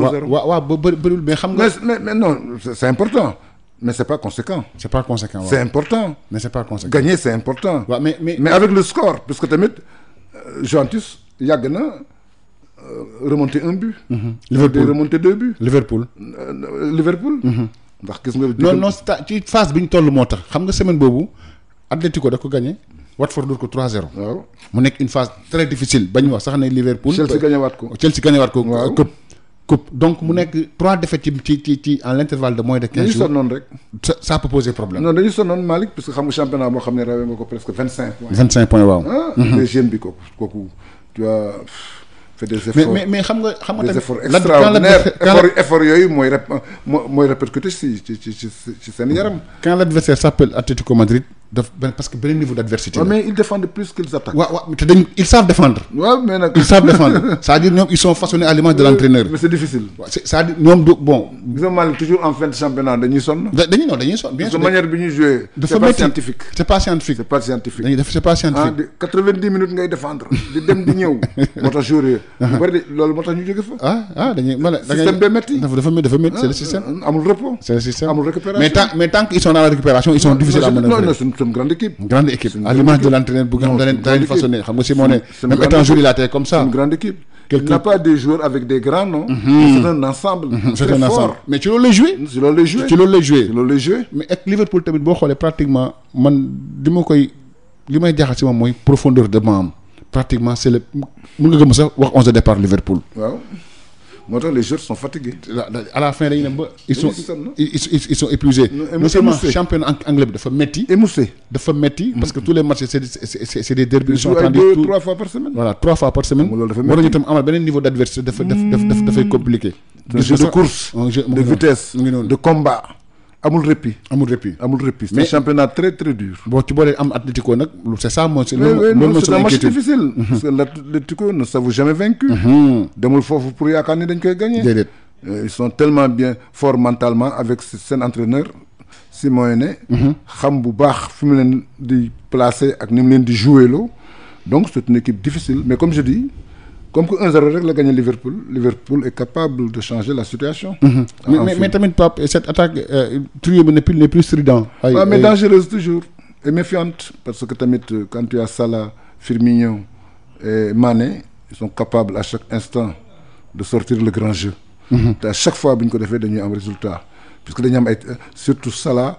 Speaker 1: mais xam mais non c'est important. mais c'est pas conséquent. c'est important. mais c'est pas conséquent. gagner c'est important. mais mais avec le score parce que euh, na. Euh, remonté un but. Mhm. Liverpool remonté deux buts. Liverpool. Euh, mhm. ndax gis nga. non non ci phase bi ñu toll moo tax xam nga semaine boobu. Atlético da ko gagné. Watford dóor ko 3-0. waaw mu nekk une phase très difficile bañ wax sax ne Liverpool. Chelsea gagné waat ko Chelsea gagné waat ko. waaw coupe donc mu nekk trois défaites ci ci ci en l' de moins de 15 jours. dañuy sonnoon rek. ça ça peut problème. non dañuy sonnoon Malick parce que xam championnat boo fait des mais mais xam nga xam nga tamit des efforts extraordinaires effort effort yooyu mooy rep euh, mooy répercuté ci ci ci seen yaram. quand l'adversaire s'appelle Atlético Madrid. daf parce que beneen niveau d' adversité ouais, mais ils défendent plus qu'ils attaquent. waaw waaw te dañ ils savent défendre. waaw ouais, mais nag ils savent défendre c'est-à-dire ñoom ils sont façonnés à l'image de l'entraîneur. mais c'est difficile. waaw ouais, c'est-à-dire ñoom du bon. gis nga toujours en fin de championnat dañuy sonn. dañuy non dañuy sonn bien sûr. de manière bi ñuy joué. dafa métti scientifique c'est pas scientifique. c'est pas scientifique dañuy def c'est pas scientifique. ah quatre-vingt-dix minutes ngay défendre. di dem di ñëw. [LAUGHS] moo tax jour yi. bu ah. bëri de loolu moo tax ñu jóge fa. ah ah dañuy mën a. système bee métti dafa dafa métti dafa métti c'est le ah, système. amul repos. c'est le système amul récupération mais tant mais tant qu'ils sont dans la récupération ils sont difficiles à manoeuvrer une grande équipe. Une grande équipe. À l'image de l'entraîneur Bougan, de façonné. Même étant jour, il a comme ça. Mhm. Mhm, Mais tu l'as joué. Tu Mais avec Liverpool, tamit boo xoolee pratiquement man li ma koy li may jaaxal si moom mooy profondeur de banc pratiquement c'est le mun nga gëm sax wax onze de Liverpool. moo tax les joueurs sont fatigués. à la fin dañu dem ba. ils sont ils non seulement championnat anglais bi dafa metti. émoussé dafa metti. Mm. parce que tous les matchs c' des derbys. ils sont deux trois fois par semaine. voilà trois fois par semaine. Ah, loolu dafa tam amal beneen niveau d' adversité dafa dafay mm. compliqué. de course de combat. amul répit amul répit amul répit c'est un championnat très très dur boo ci boolee am Atlético nag c'est ça mooy loolu c'est un match difficile mhm. parce que l'Atlético ne s'avoue jamais vaincu mhm. demul foofu pour yaakaar ni dañ koy gagner déedéet euh, ils sont tellement bien forts mentalement avec seen entraîneur Simeone mhm. xam bu baax fi mu leen di placer ak ni mu leen di jouer loo donc c'est une équipe difficile mais comme je dis comme que 1-0 rek la gagné Liverpool Liverpool est capable de changer la situation. Mhm. Ah, mais mais, tamit Pape cette attaque euh, trio bi n'est plus n'est plus strident. ay mais dangereuse toujours et méfiante parce que tamit euh, quand tu as Salah Firmino et Mané ils sont capables à chaque instant de sortir le grand jeu. Mhm. te à chaque fois bu ñu ko defee dañuy am résultat puisque dañu am ay euh, surtout Salah.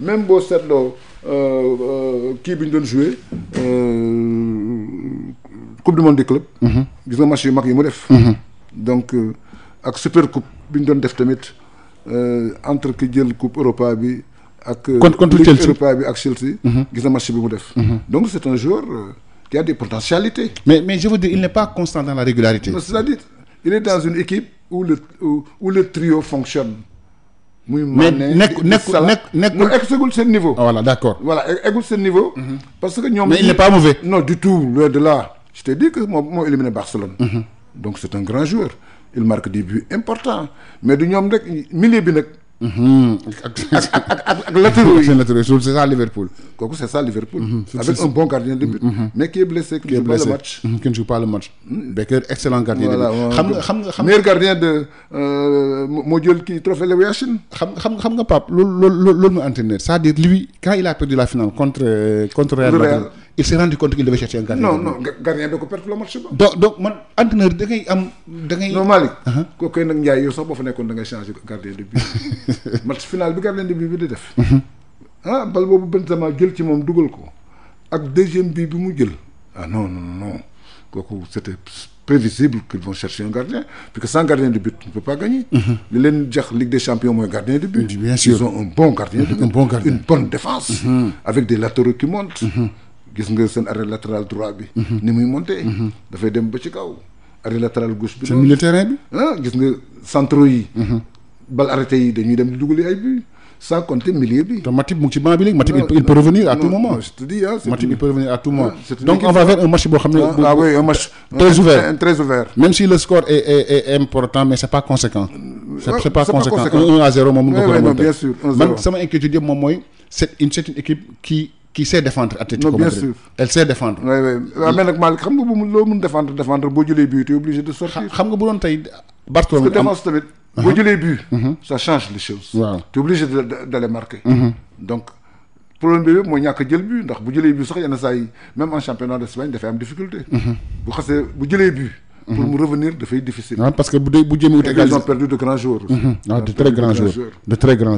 Speaker 1: même boo seetloo euh, euh, kii bi ñu doon joué euh, coupe du monde des clubs. Mhm. gis nga match yu mag yi mu def. Mhm. donc ak super coupe bi ñu doon def tamit entre ki jël coupe Europa bi. ak contre contre Chelsea Europa bi ak Chelsea. Mhm. def. donc c'est un joueur qui a des potentialités. mais mais je veux dire il n'est pas constant dans la régularité. il est dans une équipe où le trio fonctionne. muy Mané nekk nekk nekk nekk mu eggul seen niveau. voilà d' accord voilà eggul seen niveau. parce que ñoom. mais il n' est pas mauvais. non du tout loin de là. je te dis que moo éliminé Barcelone. Mhm. donc c' un grand joueur. il marque des buts mais du ñoom rek milieu bi nag. Mm-hmm. ak ak ak ak latéraux [LAUGHS] yi latéraux yi c'est ça Liverpool. kooku c'est ça Liverpool. Mm-hmm. avec un bon gardien de but. Mm-hmm. mais qui est blessé qui ne joue qui ne pas le match. Becker excellent gardien de but. xam nga xam nga xam meilleur gardien euh, moo jël kii trophée Lev Yachine. xam xam xam nga Pape loolu loolu loolu mooy entraîneur c'est-à-dire lui quand il a perdu la finale contre euh, contre Real Madrid. il s'est rendu compte qu'il devait chercher un gardien. non non gardien da ko perte le match ba. donc donc man entraîneur da ngay am da ngay. non uh-huh. nag Ndiaye yow sax boo fa nekkoon da ngay changer gardien de but. [LAUGHS] match final bi gardien de but bi di def. Uh-huh. ah bal boobu Benzema jël ci moom dugal ko ak deuxième bi bi mu jël. ah non non non kooku c'était prévisible qu'ils vont chercher un gardien parce que sans gardien de but on ne peut pas gagner. Uh-huh. li leen gis nga seen arrêt latéral droit bi. Mhm. ni muy monté. Mhm. dafay dem ba ci kaw. arrêt latéral gauche bi. seen milieu terrain bi. Ah, gis nga centraux mhm. bal arrêté yi dem di dugali ay bi sans compter milieu bi. te Matip ci banc bi léegi Matip il peut revenir à tout moment. je il peut revenir à tout moment. donc on va vers match boo xam ne. ah, ah match. très ouvert très si le score est important mais c' pas conséquent. Euh, c' est pas conséquent 1 à 0 moom mun nga ko qui sait défendre Atlético non, bien Madrid. sûr. elle sait défendre. oui oui waaw nag Malick xam nga bu loo mun défendre défendre boo jëlee but tu es de sortir. xam nga bu doon tey Bartholomew. parce que tamit. Uh-huh. boo jëlee but. sax yenn saa yi même en championnat d'Espagne dafay am difficulté. Uh-huh. bu xasee bu jëlee but. pour mu revenir dafay difficile. ah parce que bu dee bu jëmee ut égalisation ils ont perdu de grands joueurs. ah de très grands joueurs de très grands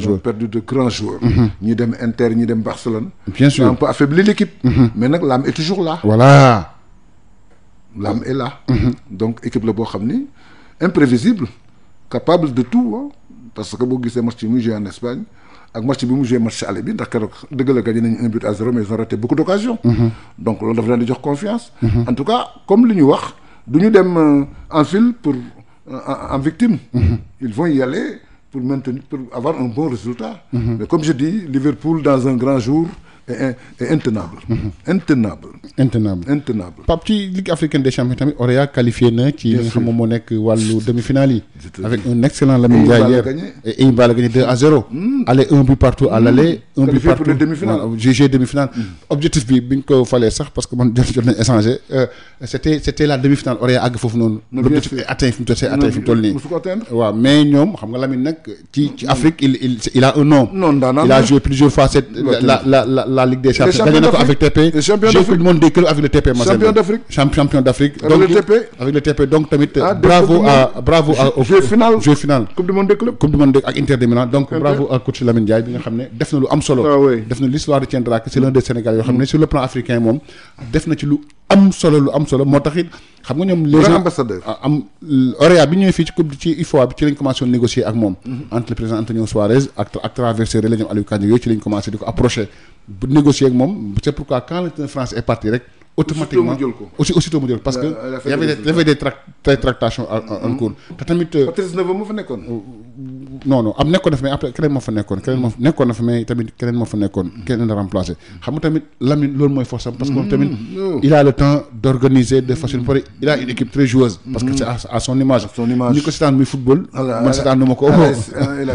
Speaker 1: joueurs. ñi dem Inter ñi dem Barcelone. bien sûr un peu affaibli l' toujours là. voilà. l'âme est là. donc équipe la boo xam ni imprévisible capable de tout parce que boo gisee match yi muy joué en Espagne. ak match bi mu joué match aller ndax keroog dëgg la gagné nañu un but à mais ils ont beaucoup d' occasion. donc loolu dafa leen di jox confiance. en tout li ñu wax. du ñu dem euh, en file pour euh, en victime. Mhm. ils vont y aller pour maintenir pour avoir un bon résultat. Mhm. mais comme je dis Liverpool dans un grand jour. est intenable. Mhm. intenable. intenable intenable. Pape ci Ligue africaine des champions tamit Orea qualifié na ci li nga xam moom moo nekk wàllu demi-finale yi. avec un excellent Lamine Ndiaye hier et il va le gagner 2 à 0. Hmm. aller un but partout à l'aller. un but partout pour demi-finale GG hmm. demi-finale. objectif bi bi ñu ko falee sax parce que man [LAUGHS] jot jot nañu échanger euh, c'était c'était la demi-finale Orea àgg foofu noonu. l'objectif est atteint fi mu toll c'est atteint fi mu toll nii. waaw mais ñoom xam nga Lamine nag ci ci Afrique il il il a un nom. non il a joué plusieurs fois cette la la la. la Ligue des Champions. gagné na ko avec TP. champion d'Afrique du champion d'Afrique champion d'Afrique. donc tamit. Ah, bravo à bravo à. jeu final coupe du monde des clubs coupe du monde ak Inter de Milan donc bravo à coach Lamine Ndiaye bi nga xam ne def na lu am solo. Ah, def na l'histoire retiendra que c'est l'un des Sénégalais yoo xam ne mm. sur le plan africain moom def na ci lu am solo lu am solo moo taxit xam nga ñoom les ambassadeurs am Orea bi ñëwee fii ci coupe ci UFOA bi ci lañ commencé négocier ak moom mm-hmm. entre président Antonio Suarez ak ak traversé la ñoom yooyu ci lañ commencé di ko approché bu négocier ak moom c'est pourquoi quand la France est partie rek automatiquement aussi aussitôt mu jël parce que y avait des y avait des tractations en mm-hmm. cours te tamit euh, moo fa nekkoon euh, non non am nekkoon na fa mais après keneen moo fa nekkoon keneen moo fa mais keneen moo fa nekkoon mm-hmm. keneen a remplacé xam tamit Lamine loolu mooy force parce que mm-hmm. tamit oh. il a temps d'organiser de façon pare il a une équipe très joueuse parce que c'est à son image ni ko seetaan muy football man seetaan nu ma ko euh, il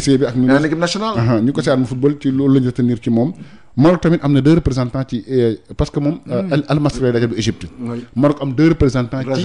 Speaker 1: SCIB [LAUGHS] ah, ak équipe nationale uh-huh. Maroc tamit am na deux représentants ci eh, parce que moom. Hmm. Euh, Al Masry lay dajal bu ma Maroc am deux représentants ci.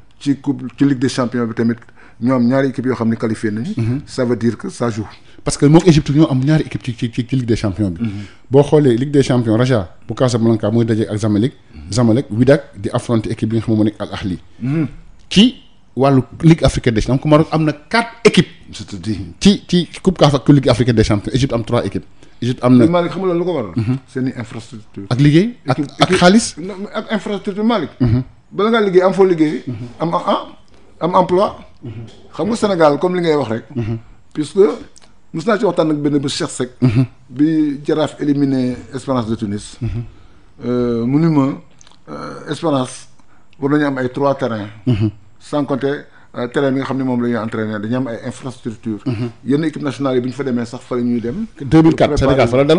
Speaker 1: ci coupe ci ligue des champions bi tamit ñoom ñaari équipe yoo xam ne qualifié nañu. Mhm. parce que moom Égypte ñoo am ñaari équipe ci ci ci ligue des bi. Mhm. boo xoolee ligue des champions Raja bu Casablanca mooy daje ak Zamalek. Mhm. Zamalek Wydad di affronter équipe bi nga xam nekk Al Ahli. ci wàllu ligue africaine des champions Maroc am trois équipes. Égypte am na i infrastructure ak liggéey ak ak xaalis. ak infrastructure Malick. bala ngaa liggéey am foo liggéey. Mhm. am ah, ah am emploi. Mhm. xam nga Sénégal comme li ngay wax rek. Mhm. puisque mos naa ci waxtaan ak benn bés Cheikh bi Jaraaf éliminé Espérance de Tunis. Euh, mu ni euh, Espérance war nañu am ay trois terrains. sans compter euh, terrain bi nga xam ne moom la ñuy entraîner dañu am ay infrastructures. yenn équipe nationale yi ñu fa demee sax fa ñuy dem. Sénégal fa la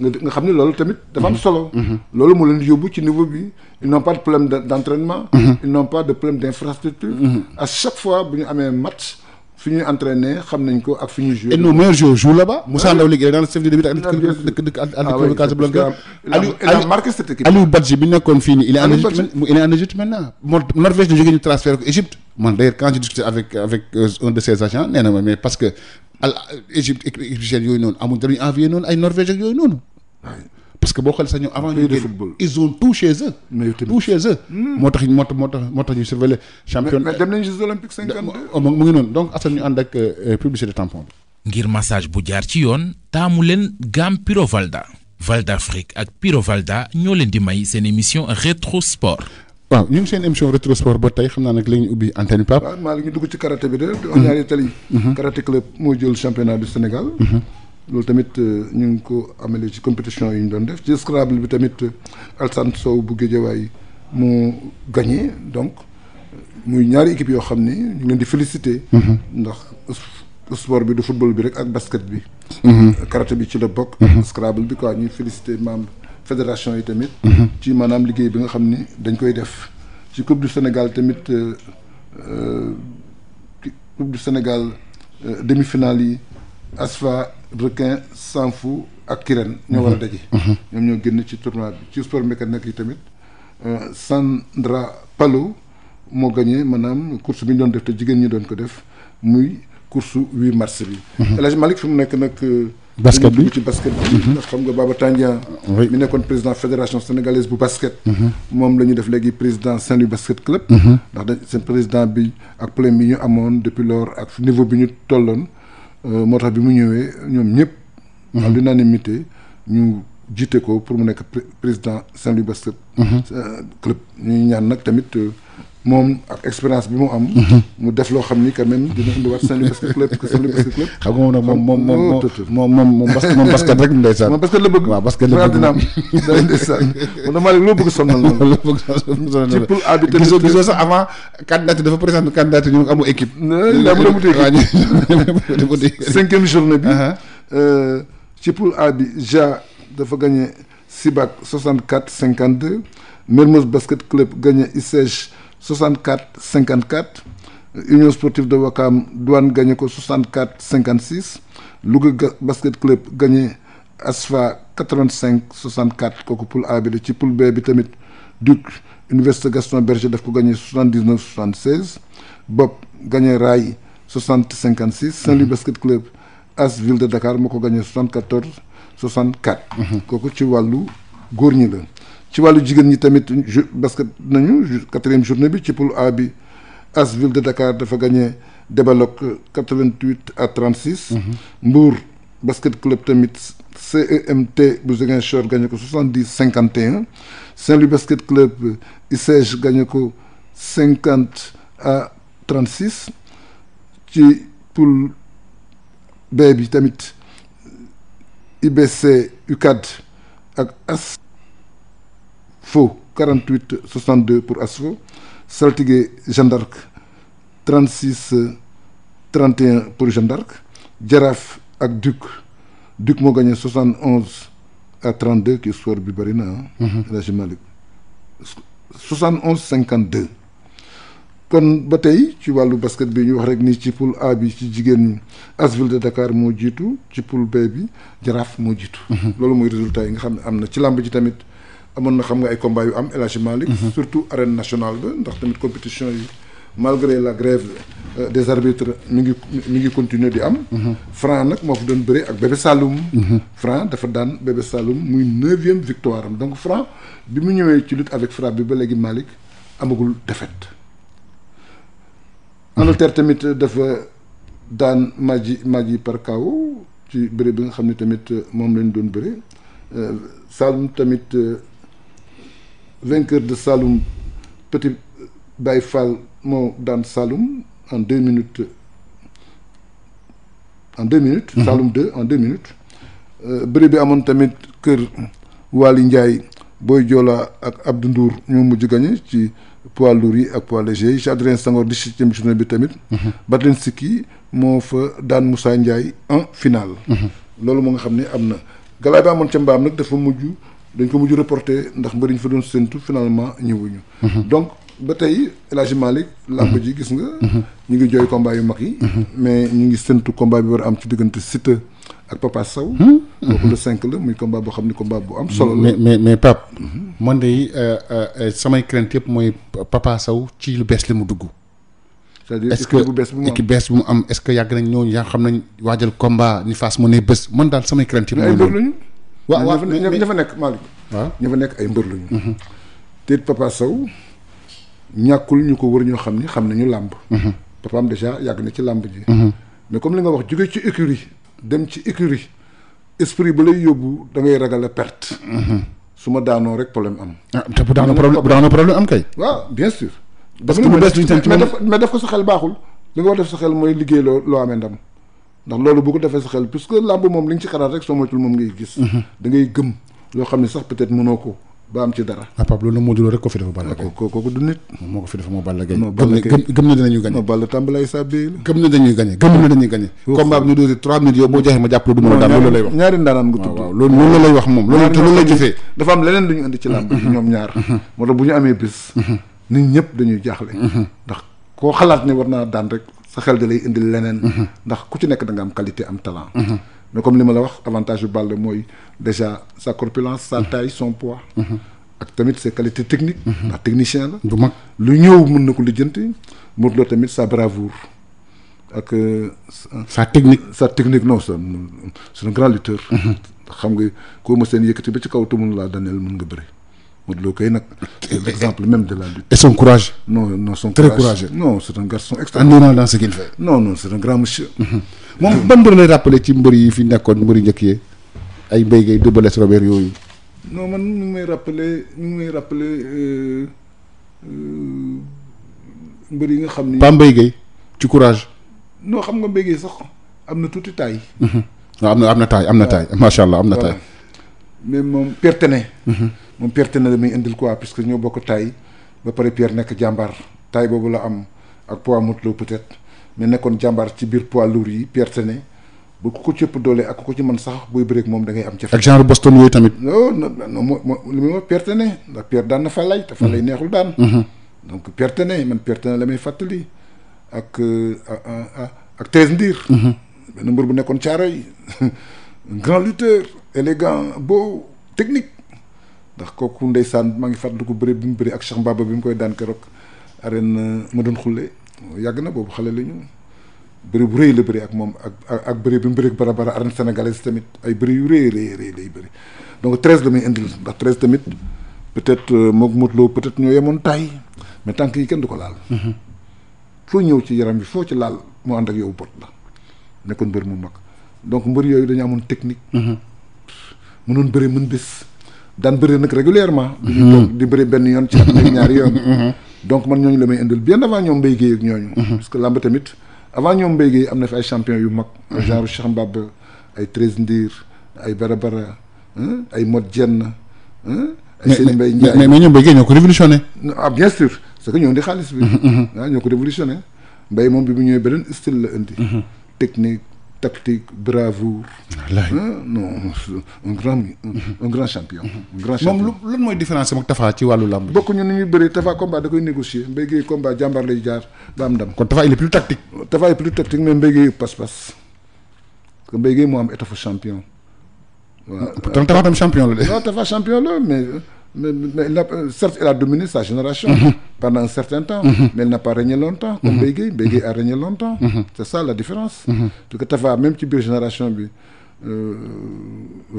Speaker 1: nga xam ne loolu tamit dafa am mhm. solo mhm. loolu moo leen yóbbu ci niveau bi ils n'ont pas de problème d'entraînement mhm. ils n'ont pas de problème d'infrastructure à chaque fois bu ñu amee match fi ñuy entraîner xam nañ ko ak fi ñuy jouer. et nos meilleurs joueurs jouent là-bas. Moussa Ndaw liggéey dans le chef de début ak dëkk dëkk ah Aliou Casablanca. Aliou Aliou Badji bi nekkoon fii nii il est il est en Égypte maintenant. moo Norvège ñu jógee ñu transfert ko Égypte man d'ailleurs quand j'ai avec euh, un de ses agents nee na ma mais parce que al Égypte yooyu noonu amuñ dañuy envoyé noonu ay Norvège ak yooyu noonu. parce que boo xoolee sax ñoom avant ñuy génn ils ont hmm. moo tax moo tax moo tax moo tax ñu surveiller champion. mais dem nañu Jeux olympiques cinquante deux oh, mu ngi ñu ànd ak euh, publicité tampon bi. ngir massage bu jaar ci yoon taamu leen gamme Puro Valda. Valda Afrique ak Puro Valda ñoo leen di may seen émission rétro sport. waaw ñu ngi seen émission rétro ba tey xam naa nag la ñu ubbi antenne Pape. waaw maa ngi dugg ci karaté bi de. ñaari hmm. tali. Hmm. karaté club moo jël championnat du Sénégal. loolu tamit euh, ñu ngi ko amele ci compétition yi ñu doon def ci Scrabble bi tamit euh, Alsane Sow bu Guédiawaye mu gagné donc muy ñaari équipe yoo xam ni ñu leen di féliciter. Mhm. ndax sport bi du football bi rek ak basket bi. Mhm. Euh, karaté bi ci la bokk. Mhm. Scrabble bi quoi ñuy féliciter membre fédération yi tamit. ci maanaam liggéey bi nga xam ni dañ koy def ci coupe du Sénégal tamit coupe du Sénégal demi-finale yi ASFA. requin sanfu ak kirène ñoo war a mhm. daje. Mhm. ñoom ñoo génn ci tournoi bi ci sport mécanique yi tamit euh, Sandra Palou moo gagné maanaam course bi ñu doon def te jigéen ñi doon ko def muy course huit mars bi. Mhm. El Hadj fi mu nekk nag. Euh, basket bi ci basket bi. ndax xam nga Baba Tandian. mi nekkoon président fédération sénégalaise bu basket. moom la ñu def léegi président Saint-Louis basket club. ndax seen président bi ak problème yi ñu amoon depuis lors ak niveau bi ñu tolloon. Euh, moo tax bi mu ñëwee ñoom ñëpp. Mhm. à l'unanimité ñu jiite ko pour mu nekk président Saint-Louis Basket mhm. euh, Club ñu ñaan nag tamit. Euh, moom ak expérience bi mu am. Mhm. mu def loo xam ni quand même dina indiwaat Saint-Louis basket club parce que Saint-Louis basket club. xam nga moom moom moom moom oh, moom moom basket rek ndeysaan. moom basket la bëgg waaw basket la bëgg dina am dara ndeysaan. man damaa leen loo bëgg sonal noonu. [LAUGHS] loo bëgg sonal noonu la gisoo gisoo sax avant candidat dafa présenté candidat ñu ngi amul équipe. daa [LAUGHS] mën a mutu [LAUGHS] équipe cinquième journée bi. Uh-huh. Euh, ci poule A bi Ja dafa gagné Sibac 64 52 Mermoz basket club gagné ISEG. 64 54 Union sportive de Wakam Douane gagné ko 64 56 Louga basket club gagné ASFA 85 64 kooku poule A ci poule B bi tamit Duc Université Gaston Berger daf ko gagné 79 76 Bopp gagné Rail 60 56 Saint-Louis basket club AS de Dakar moo ko gagné mhm. kooku ci wàllu góor ñi la. ci wàllu jigéen ñi tamit ju basket nañu quatrième journée bi ci poule A bi AS Ville de Dakar dafa gagné Débalok 88 à 36. Mhm. Mbour basket club tamit CEMT bu Ziguinchor gagné ko 70 51. Saint-Louis basket club ISEG gagné ko 50 à 36 ci poule B bi tamit IBC UCAD ak AS. Faux 48 62 pour Asfo saltige Jeanne d'Arc 36 31 pour Jeanne d'Arc Jaraaf ak Duc Duc moo gagné 71 à 32 ki score bi bëri na ah. El Hadj Malick 71 kon ba tey ci wàllu basket bi ñu wax rek ni ci poule A bi ci jigéen ñi AS de Dakar moo jiitu ci poule B bi Jaraaf moo jiitu. Mhm. loolu mooy résultat yi nga xam ne am na ci làmb ji tamit. amoon na xam nga ay combat yu am El Hadj Malick mhm. surtout arène nationale ba ndax tamit compétition yi malgré la grève euh, des arbitres mi ngi mi ngi continuer di am mhm. Franc nag moo fa doon bëre ak Bébé Saloum mhm. Franc dafa daan Bébé Saloum muy neuvième am donc Franc bi mu ñëwee ci lutte avec frappe bi ba léegi Malick amagul défaite Angleterre tamit dafa daan Madji Madji par KO ci bëre bi nga xam ne tamit euh, moom lañ doon bëre euh, Saloum tamit vainqueur de Saloum Petit Baye Fall moo daan Saloum en deux minutes en deux minutes. Mhm. Saloum 2 en deux minutes. Euh, bëri bi amoon tamit kër Waly Ndiaye booy Diola ak ab Ndour ñu mujj gagné ci poids lourds yi ak poids léger yi ci Adrien Senghor di septième bi tamit. Mhm. Battling Siki moo fa daan Moussa Ndiaye en finale. Mhm. loolu moo nga xam ne am na. galaay bi amoon ca mbaam nag dafa mujj. dañ ko mujj reporté ndax mbëriñ fa doon séntu finalement ñëwuñu mhm. donc ba tey El Hadj Malick làmb ji gis nga mhm. ñu ngi jooy combat yu mag yi mhm. mais ñu ngi séntu combat bi war a am ci diggante Siteu ak Papa Sow kooku le cinq la muy combat boo xam ne combat bu am solo la mais mais Pape man de euh, euh, samay crainte yëpp mooy Papa saw ci lu bees li mu dugg c'est-à-dire est-ce bu bees bu mu am équipe yàgg nañ ñooñu yaa xam nañ waajal combat ni Fass mu ne bés man daal samay crainte yëpp mooy waaw waaw ña fa nekk Malick waaw fa nekk ay mbër lañu mhm. te Papa Sow ñàkkul ñu ko wër ñoo xam ne xam nañu làmb mhm. am déjà yàgg na ci làmb ji mhm. mais comme li nga wax jóge ci écurie dem ci écurie esprit ba lay yóbbu da ngay ragal a perte su ma daanoo rek problème am ah, te bu daanoo problème am kay waaw bien sûr parce bu bees duñ seen ci mais def ko sa xel baaxul li nga war def sa xel mooy liggéey loo loo amee ndam ndax loolu bu ko defee sa xel puisque làmb moom li nga ci xalaat rek soo moytul moom ngay gis. Mhm. da ngay gëm loo xam ne sax peut-être mënoo ko ba am ci dara. ah Pape loolu Modou Lo rek ko fi dafa Balla ah, Gaye ko kooku du nit. moo ko fi dafa moo Balla Gaye. gëm na danañu gagné. Balla tàmbalay sa bi la. gëm na dañuy gagné gëm na dañuy gagné. combat bi ñu doon trois minutes yow boo joxee ma jàpp du ma daan loolu lay wax. ñaari ndaanaan nga tudd. waaw loolu loolu lay wax moom. loolu te loolu lay jëfee. dafa am leneen lu ñu indi ci làmb mhm. ñoom ñaar. Mhm. moo tax bu ñu amee bis. nit ñëpp dañuy jaaxle. ndax koo xalaat ne war naa daan rek sa xel da lay indil leneen. Mhm. ndax ku ci nekk danga am qualité am talent. Mhm. mais comme li ma la wax avantage bu Balla mooy déjà sa corpulence sa mhm. taille son poids. ak tamit ses qualités techniques. ndax technicien la. du mag lu ñëw mun na ko lijjanti. Modou Lo tamit sa bravoure. ak euh, sa technique sa technique non sa c'est un grand lutteur. xam nga koo ma seen yëkkati ba ci kaw te laa Daniel mun nga bëri. Modou Lo kay nag c'est l'exemple même de la lutte. et son son courage très courageux. non c'est un garçon extraordinaire dans ce qu'il mhm. moom ban mbër lay rappelé ci mbër yi fi nekkoon mbër njëkk yi ay Mbaye Guèye Double yooyu. non man mi ngi may rappelé mi euh, euh, yi nga xam ni. pas Mbaye Guèye ci courage. noo xam nga Mbaye Guèye sax am na tuuti taay. Mhm. am na am na taay am na taay allah am na taay. mais moom Pierre moom Pierre la muy indil quoi que ñoo bokk taay ba pare Pierre nekk jàmbaar taay boobu la am ak poids motlo peut-être mais nekkoon jàmbaar ci biir pois lourd yi Pierre bu ku ko cëpp doole ak ku ko ci man sax buy bëreeg moom dangay ngay am jafe. ak genre Boston yooyu tamit. non non mo li muy wax Pierre ndax Pierre daan na Falaye te Falaye mm-hmm. neexul daan. Mm-hmm. donc Pierre man Pierre la may fàttali ak euh, ak Thèse mm-hmm. bu nekkoon caaro yi [LAUGHS] grand lutteur. élégant beau technique ndax kooku ndeysaan maa ngi fàttaliku bëri bi mu bëri ak Cheikh Mbaba bi mu koy daan keroog arène euh, ma doon xulle yàgg na boobu xale la ñu bëri bu rëy la bëri ak moom ak ak bëri bi mu bëri ak barabara arène sénégalaise tamit ay bëri yu rëy rëy rëy lay bëri donc treize la muy indil ndax treize tamit peut-être euh, moog Modou peut-être ñoo yemoon taay mais tànk yi kenn du ko laal. Mm-hmm. foo ñëw ci yaram bi foo ci laal mu ànd ak yow nekkoon mbër mu mag donc mbër yooyu dañu amoon technique. Mm-hmm. mënoon bëri mën bés daan bëri nag régulièrement du ñu mhm. di bëri benn yoon ci at ñaari yoon mhm. donc man ñooñu la may indil bien avant ñoom Mbaye Guèye ak ñooñu mhm. parce que làmb tamit avant ñoom Mbaye Guèye am na fi ay champion yu mag genre Cheikh Mbab ay Treize Ndir ay Barabara ay Mod Jenn ay Sëñ Mbaye Ndiaye mais mais ñoom Mbaye Guèye ñoo ko révolutionné ah, bien sûr c'est que ñoo indi xaalis bi waaw ah, ñoo ko révolutionné Mbaye moom bi mu ñëwee beneen style la indi technique tactique, bravoure. non un grand un grand champion. un grand champion moom lu lan mooy différence am ak Tafa ci wàllu làmb. bokkuñu ni ñuy bëree Tafa combat da koy négocier Mbaye Guèye combat jàmbaar lay jaar ba am ndam. kon Tafa il plus tactique. Tafa il plus tactique mais Mbaye Guèye pas-pas que Mbaye moo am étoffe champion. waaw pourtant tam champion la de. non Tafa champion la mais, mais il a, certes, il sa génération mm -hmm. pendant un certain temps, mm -hmm. mais il n'a pas régné longtemps, comme mhm. Bégué. Bégué a régné longtemps. Mhm. C'est ça la différence. Mhm. Parce que tu as même ci biir génération bi euh,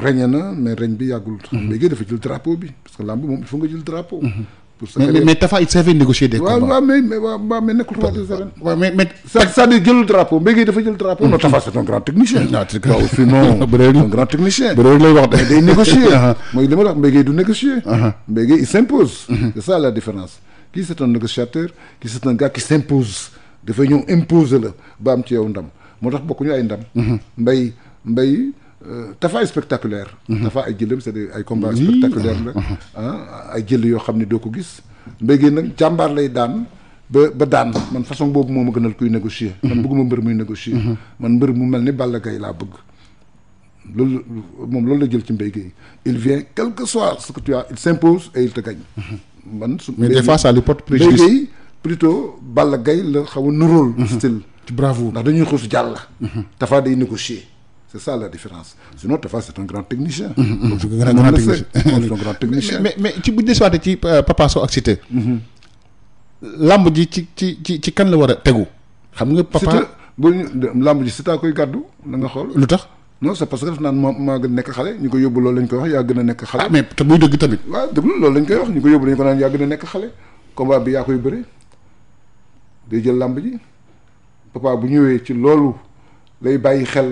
Speaker 1: régné na mais règne bi yàggul. Bégué dafa jël drapeau bi parce que làmb moom il faut nga jël pour mais mais Tafa il savait négocier des combats. waaw mais mais mais nekkul Tafa di savait. waaw mais mais. cest à jëlul drapeau Mbengue dafa jël drapeau. non mm-hmm. grand technicien. [LAUGHS] non c'est [LAUGHS] wax de. day négocier. [LAUGHS] Uh-huh. mooy li ma la wax Mbengue du négocier. Uh-huh. Mbengue il s'impose. Mm-hmm. c'est ça la différence. kii c'est un négociateur kii c'est un gars qui s'impose dafay ñëw imposer la ba am ci yow ndam moo tax bokkuñu ay ndam. Mm-hmm. mbay mbay. Tafa euh, ay spectaculaire. Tafa mhm. ay jëlam c'est-à-dire ay combats spectaculaire la. Mhm. Ah, ay jël yoo xam ne doo ko gis. mbéy nag jàmbaar lay daan ba ba daan man façon boobu moom a gënal kuy négocier. Mhm. man bëgguma mbër muy négocier. man mbër mu mel ni Balla Gaye laa bëgg. loolu moom loolu la jël ci mbéy gi il vient quel que soit ce que tu il s'impose et il te gagne. man su mais des fois ça lui porte préjudice mbéy gi la xaw a nuróol. style ci bravo ndax dañuy xuus jàll. Tafa C'est ça la différence. Sinon, Tafa, c'est un grand technicien. Mm-hmm, mm-hmm. moom c'est un grand technicien un grand technicien. mais mais ci bu ñu desewaatee ci Papa Sow ak Cité. Mm-hmm. lamb ji ci ci kan la war a tegu. xam nga Papa bu ñu lamb koy a wax yaa gën a nekk xale. Ah, mais te muy dëgg tamit. waaw dëgg la loolu lañ koy wax ñu ko yóbbu dañu ko naan yaa gën a nekk xale. combat bi yaa koy bëre day jël lamb ji papa bu ñëwee ci loolu lay bàyyi xel.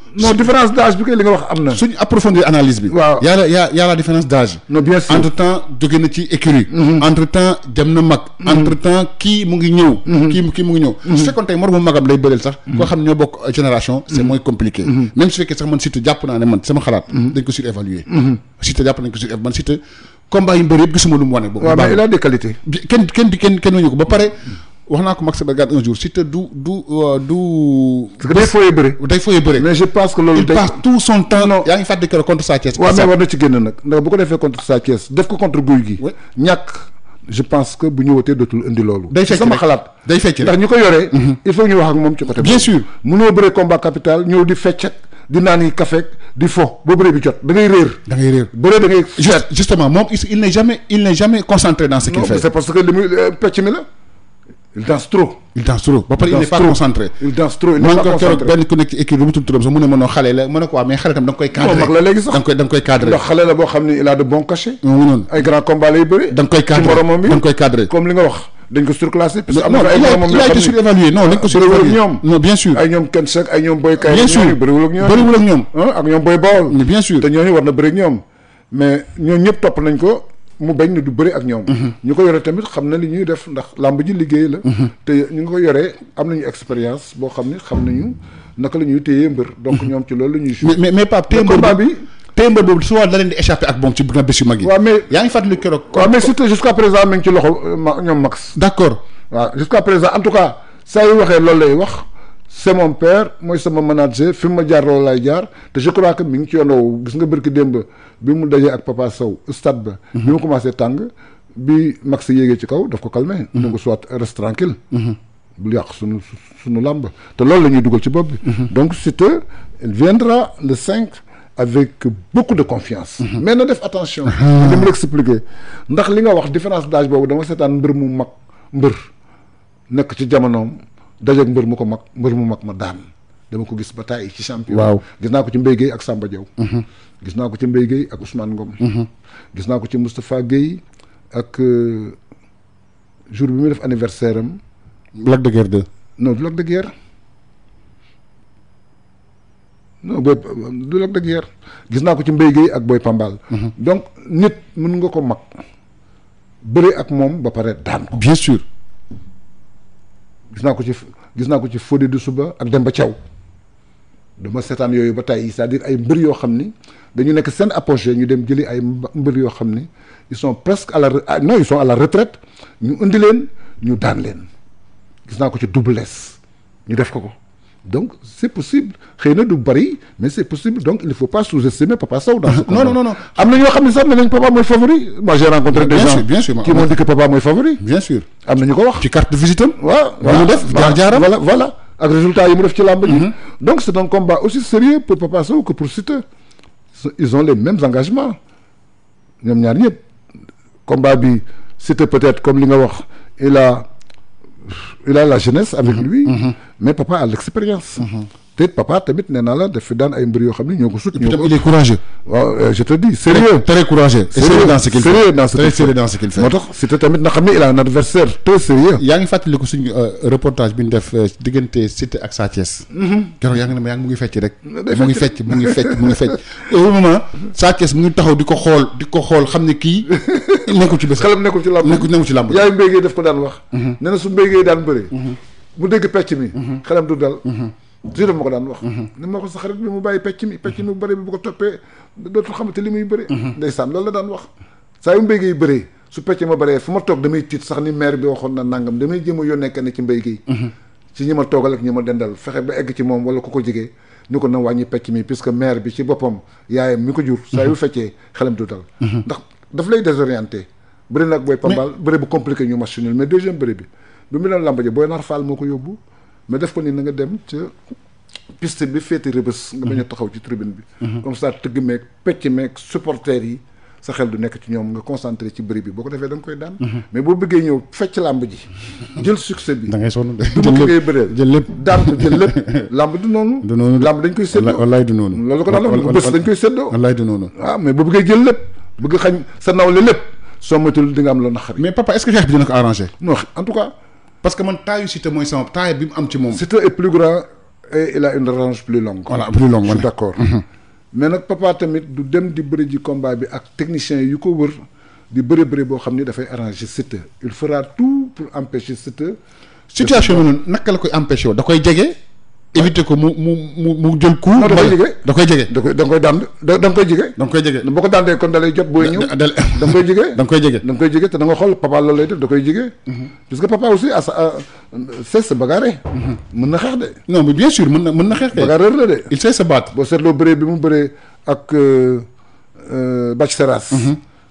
Speaker 1: non différence d'âge bi kay li nga wax am na. suñ approfondir analyse bi. waaw y' a y' a la différence d'âge. entre temps jóge na ci écurie. Mhm. entre temps dem na mag. Mhm. entre temps kii mu ngi ñëw. Mhm. kii kii mu ngi ñëw. su fekkoon tey moromu magam xam ñoo bokk génération. c'est moins compliqué. même su fekkee sax man surtout jàpp naa ne man sama xalaat. dañ ko surévaluer. surtout jàpp nañ ko surévaluer man surtout combat yi mbër yëpp gisuma lu mu wane. waaw mais il a des qualités. kenn kenn kenn kenn ko ba pare. wax naa ko Max Bergane un jour Siteu du du euh, du. day fooyee bëri. day fooyee bëri. mais je pense que loolu. day il passe son temps. non yaa ngi fàttali que contre Sa Thiès. waaw mais war na ci génn nag ndax bu ko defee contre Sa Thiès def ko contre Gouye Gui. ñàkk je pense que bu ñëwatee dootul indi loolu. day fecc sama xalaat day fecc ndax ñu ko yoree. Mhm. il faut ñu wax ak moom ci côté. bien sûr mënoo bëree combat capital ñëw di fecc di naan yi il danse trop. il danse trop ba pare il n'est pas concentré. il danse trop il n'est pas concentré man ko keroog benn ku nekk ci équipe bi mu tudd turam sax mu ne ma non xale la ma ne ko waaw mais xale tam da nga koy. cadré mag la léegi sax da nga koy da nga koy cadré. ndax xale la boo xam ne il a de bons cachets. mu noonu ay grands combats lay bëri. da nga koy cadré ci moromam bi da nga koy cadré. comme li nga wax dañ ko surclassé. parce que am na ay moromam yoo xam ne non il a été surévalué non dañ ko ah, surévalué. ñoom non bien sûr. ay ñoom Ken Seck ay ñoom Boy Kaye. bien sûr bëriwul ak ñoom bëriwul ak ñoom. Ah, ak ñoom Boy Bawol. bien sûr te ñooñu war na bëri ak ñoom mais ñooñu ñëpp topp nañ ko mu bañ ne du bëri ak ñoom mhm. ñu ko yore tamit xam na li ñuy def ndax làmb ji liggéey la mhm. te ñu ngi ko yore am nañu expérience boo xam ne xam na nañu naka la ñuy téye mbër donc mhm. ñoom ci loolu la ñuy jouer mais mais Pape téye mbër bi téye mbër boobu souvent da leen di échappé ak moom ci buna bés yu mag yi waaw mais yaa ngi fàttali keroog waaw mais surtout jusqu'à présent mi ci loxo euh, ñoom Max d'accord waaw jusqu'à présent en tout cas saa yu waxee loolu lay wax c'est mon père mooy sama manager fi mu ma jaar laay jaar te je crois que mi ngi ci yoon woowu gis nga bërki bi mu dajee ak Papa Sow stade ba. Mhm. bi mu commencé tàng bi si yéegee ci kaw daf ko calmé. mu mhm. ngi soit reste tranquille mhm. bul yàq sunu sunu làmb te loolu la ñuy dugal ci bopp bi. donc Siteu il viendra le cinq avec beaucoup de confiance. mais na def attention. Ah. li mu expliqué ndax li nga wax différence d'âge boobu dama seetaan mbër mu mag mbër nekk ci jamonoom dajeeg mbër mu ko mag mbër mu mag ma daan. dama ko gis ba taay ci champion. waaw gis naa ko ci Mbaye Guèye ak Samba mhm. gis naa ko ci Mbaye Guèye ak Ousmane Ngom. Mhm. gis naa ko ci Moustapha Guèye euh, jour bi muy def anniversaire am. Lac de Guiers 2. de Guiers. du Lac de Guiers gis naa ko ci Mbaye Guèye ak Boy Pambal. Mhm. donc nit mën nga ko mag. bëre ak moom ba pare daan ko. bien sûr. gis naa ko ci gis naa ko ci Fodé du suba ak Demba Thiaw. dama seetaan yooyu ba tey c'est-à-dire ay mbër yoo xam ni dañu nekk seen apogée ñu dem jëli ay mbër yoo xam ni ils sont presque à la ah, non ils sont à la retraite ñu indi leen ñu daan leen gis naa ko ci Double Less ñu def ko ko donc c'est possible xëy na du bari mais c'est possible donc il ne faut pas sous-estimer Papa Sow dans ce [LAUGHS] non am na ñoo xam ne sax ne nañ Papa mooy favori moi j'ai rencontré des gens bien sûr qui m'ont dit que Papa mooy favori bien sûr am na ñu ko ak résultat yi mu def ci làmb ji mhm. donc c'est un combat aussi sérieux pour Papa Sow que pour Siteu ils ont les mêmes engagements ñoom ñaar ñëpp combat bi Siteu peut-être comme li nga wax il a il a la jeunesse avec mhm. lui mhm. mais Papa a l'expérience te it papa tamit nee naa la daf fi daan ay mbir yoo xam ne ñoo ko sut. ñoo ko il est courageux. waaw euh, tamit na xam ne il a adversaire très sérieux. yaa ngi fàttaliku suñu euh, reportage bi ñu def euh, diggante Siteu ak Sa Thiès. Mm-hmm. yaa ngi ne ma yaa ngi mu ngi fecc rek. mu ngi fecc mu ngi fecc mu ngi fecc au mu ngi taxaw di ko xool di ko xool xam ne kii [LAUGHS] nekkul ci bés. xelam nekkul ci làmb nekkul ci làmb. yaay mbéygee daf ko daan wax. Mm-hmm. nee na su mbéygee daan bëri. Mm-hmm. mu dégg pecc mi. xelam du dal toujours ma ko daan wax mhm. ni ma ko sa xarit bi mu bàyyi pecc mi pecc mi bëri bi bu ko toppee dootul xamante li muy bëri mhm. ndeysaan loolu la daan wax saa yu mbéy gi su pecc ma bëree fu ma toog damay tiit sax ni maire bi waxoon na nangam damay jéem a yónnee kenn ci mbéy gi mhm. ci ñi ma toogal ak ñi ma dendal fexe ba egg ci moom wala ku ko jege ni ko na wàññi pecc mi puisque maire bi ci boppam yaayam mi ko jur saa yu feccee xelam du dal ndax daf lay désorienté ma def ko ni na nga dem ca piste bi féete rëbës. nga bañ a mhm. taxaw ci tribune bi. Mhm. comme ça tëgg meeg pecc meeg supporters yi. sa xel du nekk ci ñoom nga concentré ci bëri bi boo ko defee da koy daan. mais boo bëggee jël de. du ma koy lépp daan xañ sa nawle lépp soo matul am la naqari. mais papa est-ce que xeex bi dina ko arrangé. non en tout cas. parce que man taayu Siteu mooy sama taay bi mu am ci moom. Siteu est plus grand et il a une revanche plus longue. voilà plus longue je suis d'accord. Mhm. mais nag papa tamit du dem di bëri ji combat bi ak techniciens yu ko wër di bëri bëri boo xam ni dafay arranger Siteu il fera tout pour empêcher Siteu. situation bi noonu naka la koy empêcher da koy jege. éviter ko mu mu mu mu jël coup. da koy jege da koy jege. da koy koy daan da koy jege. da nga koy jege boo kon da lay jot booy ñëw. da da da [LAUGHS] nga koy jege. da koy jege da koy jege te da nga xool papa loolu def da koy jege. Mhm. parce que papa aussi à sa sait se mhm. mën na xeex de. non mais bien sûr mën na mën na xeex de. bagarreur la de. il sait se battre. boo seetloo bëree bi mu bëree ak euh, euh, Bac Seras. Mhm.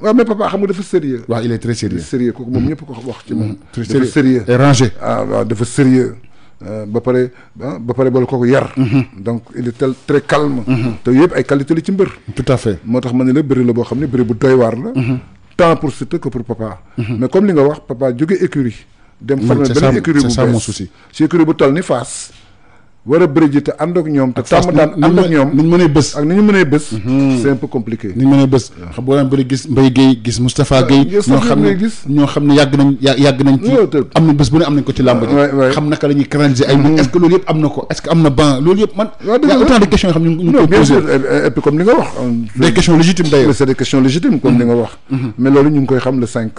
Speaker 1: waaw mais papa xam nga dafa sérieux waaw il est très sérieux kooku moom mm-hmm. ñëpp ko wax ci moom mm-hmm. dafa sérieux et rangé ah dafa sérieux euh, ba pare ah, ba pare boole kooku yar mm-hmm. donc il est tel très calme te yëpp ay qualité la ci mbër tout à fait moo tax ma ne la bëri la boo xam ne bëri bu doy waar la tant pour Siteu que pour papa mais comme li nga wax papa jóge écurie dem former benn écurie bu bees si écurie bu toll ni Fass war a bëri ji te ànd ñoom te tàmm daan ànd ñoom ni ñu mënee bës ni ñu mënee bës mhm. ni ñu mënee bës xam boo daan bëri gis Mbaye Guèye gis Moustapha ah, Guèye ñoo xam ne yàgg nañ yàgg nañ ci am na bës bu ne am nañ ko ci làmb xam naka la canaliser ay mhm. est-ce loolu yëpp am na ko est am na ban loolu yëpp man autant de questions yoo xam ne ñu ko posé comme ni nga wax mhm. mais loolu ñu ngi koy xam le cinq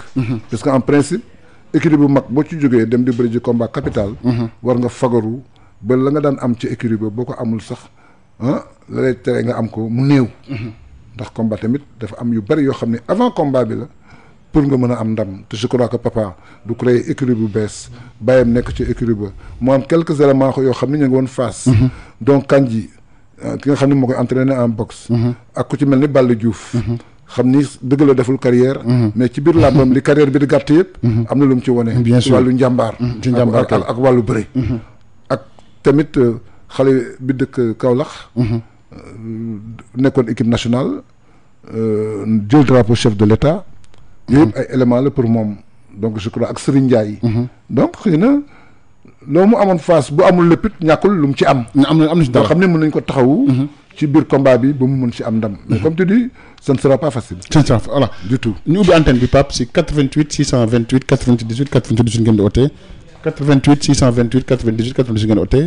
Speaker 1: parce que en principe équipe bu mag boo ci jógee dem di ba la nga daan am ci écurie boo ko amul sax ah la lay tere nga am ko mu néew. Mhm. ndax combat tamit dafa am yu bari yoo xam ne avant combat bi la pour nga mën a am ndam te je crois que papa du créer écurie bu bees bàyyam nekk ci écurie ba mu am quelques éléments yoo xam ne ñu ngi woon face. Mhm. donc Kandji euh, ki nga xam ni moo koy entraîné en boxe. Mhm. ak ku ci mel ni Balla Diouf. xam ni dëgg la deful carrière mais ci biir làmbam li carrière bi di gàtt yëpp. am na wone. bien sûr wàllu njàmbaar. ci njàmbaar ak wàllu bëri. tamit euh, xale bi dëkk Kaolack. Mhm. Euh, nekkoon équipe nationale euh, jël drapeau chef de l'État. Mhm. yooyu yëpp ay éléments la pour moom donc je crois ak Serigne Ndiaye. Mhm. donc xëy na loo mu amoon face bu amul lépp ñàkkul lu mu ci am. am na am na ci dara xam ne mën nañ ko taxawu. ci biir combat bi ba mu mën ci am ndam. mais comme tu dis ce sera pas facile. ce sera voilà du tout. ubbi antenne bi Pape si 88 628 98 98 ngeen di ootee. 88 628 98 98 ngeen oote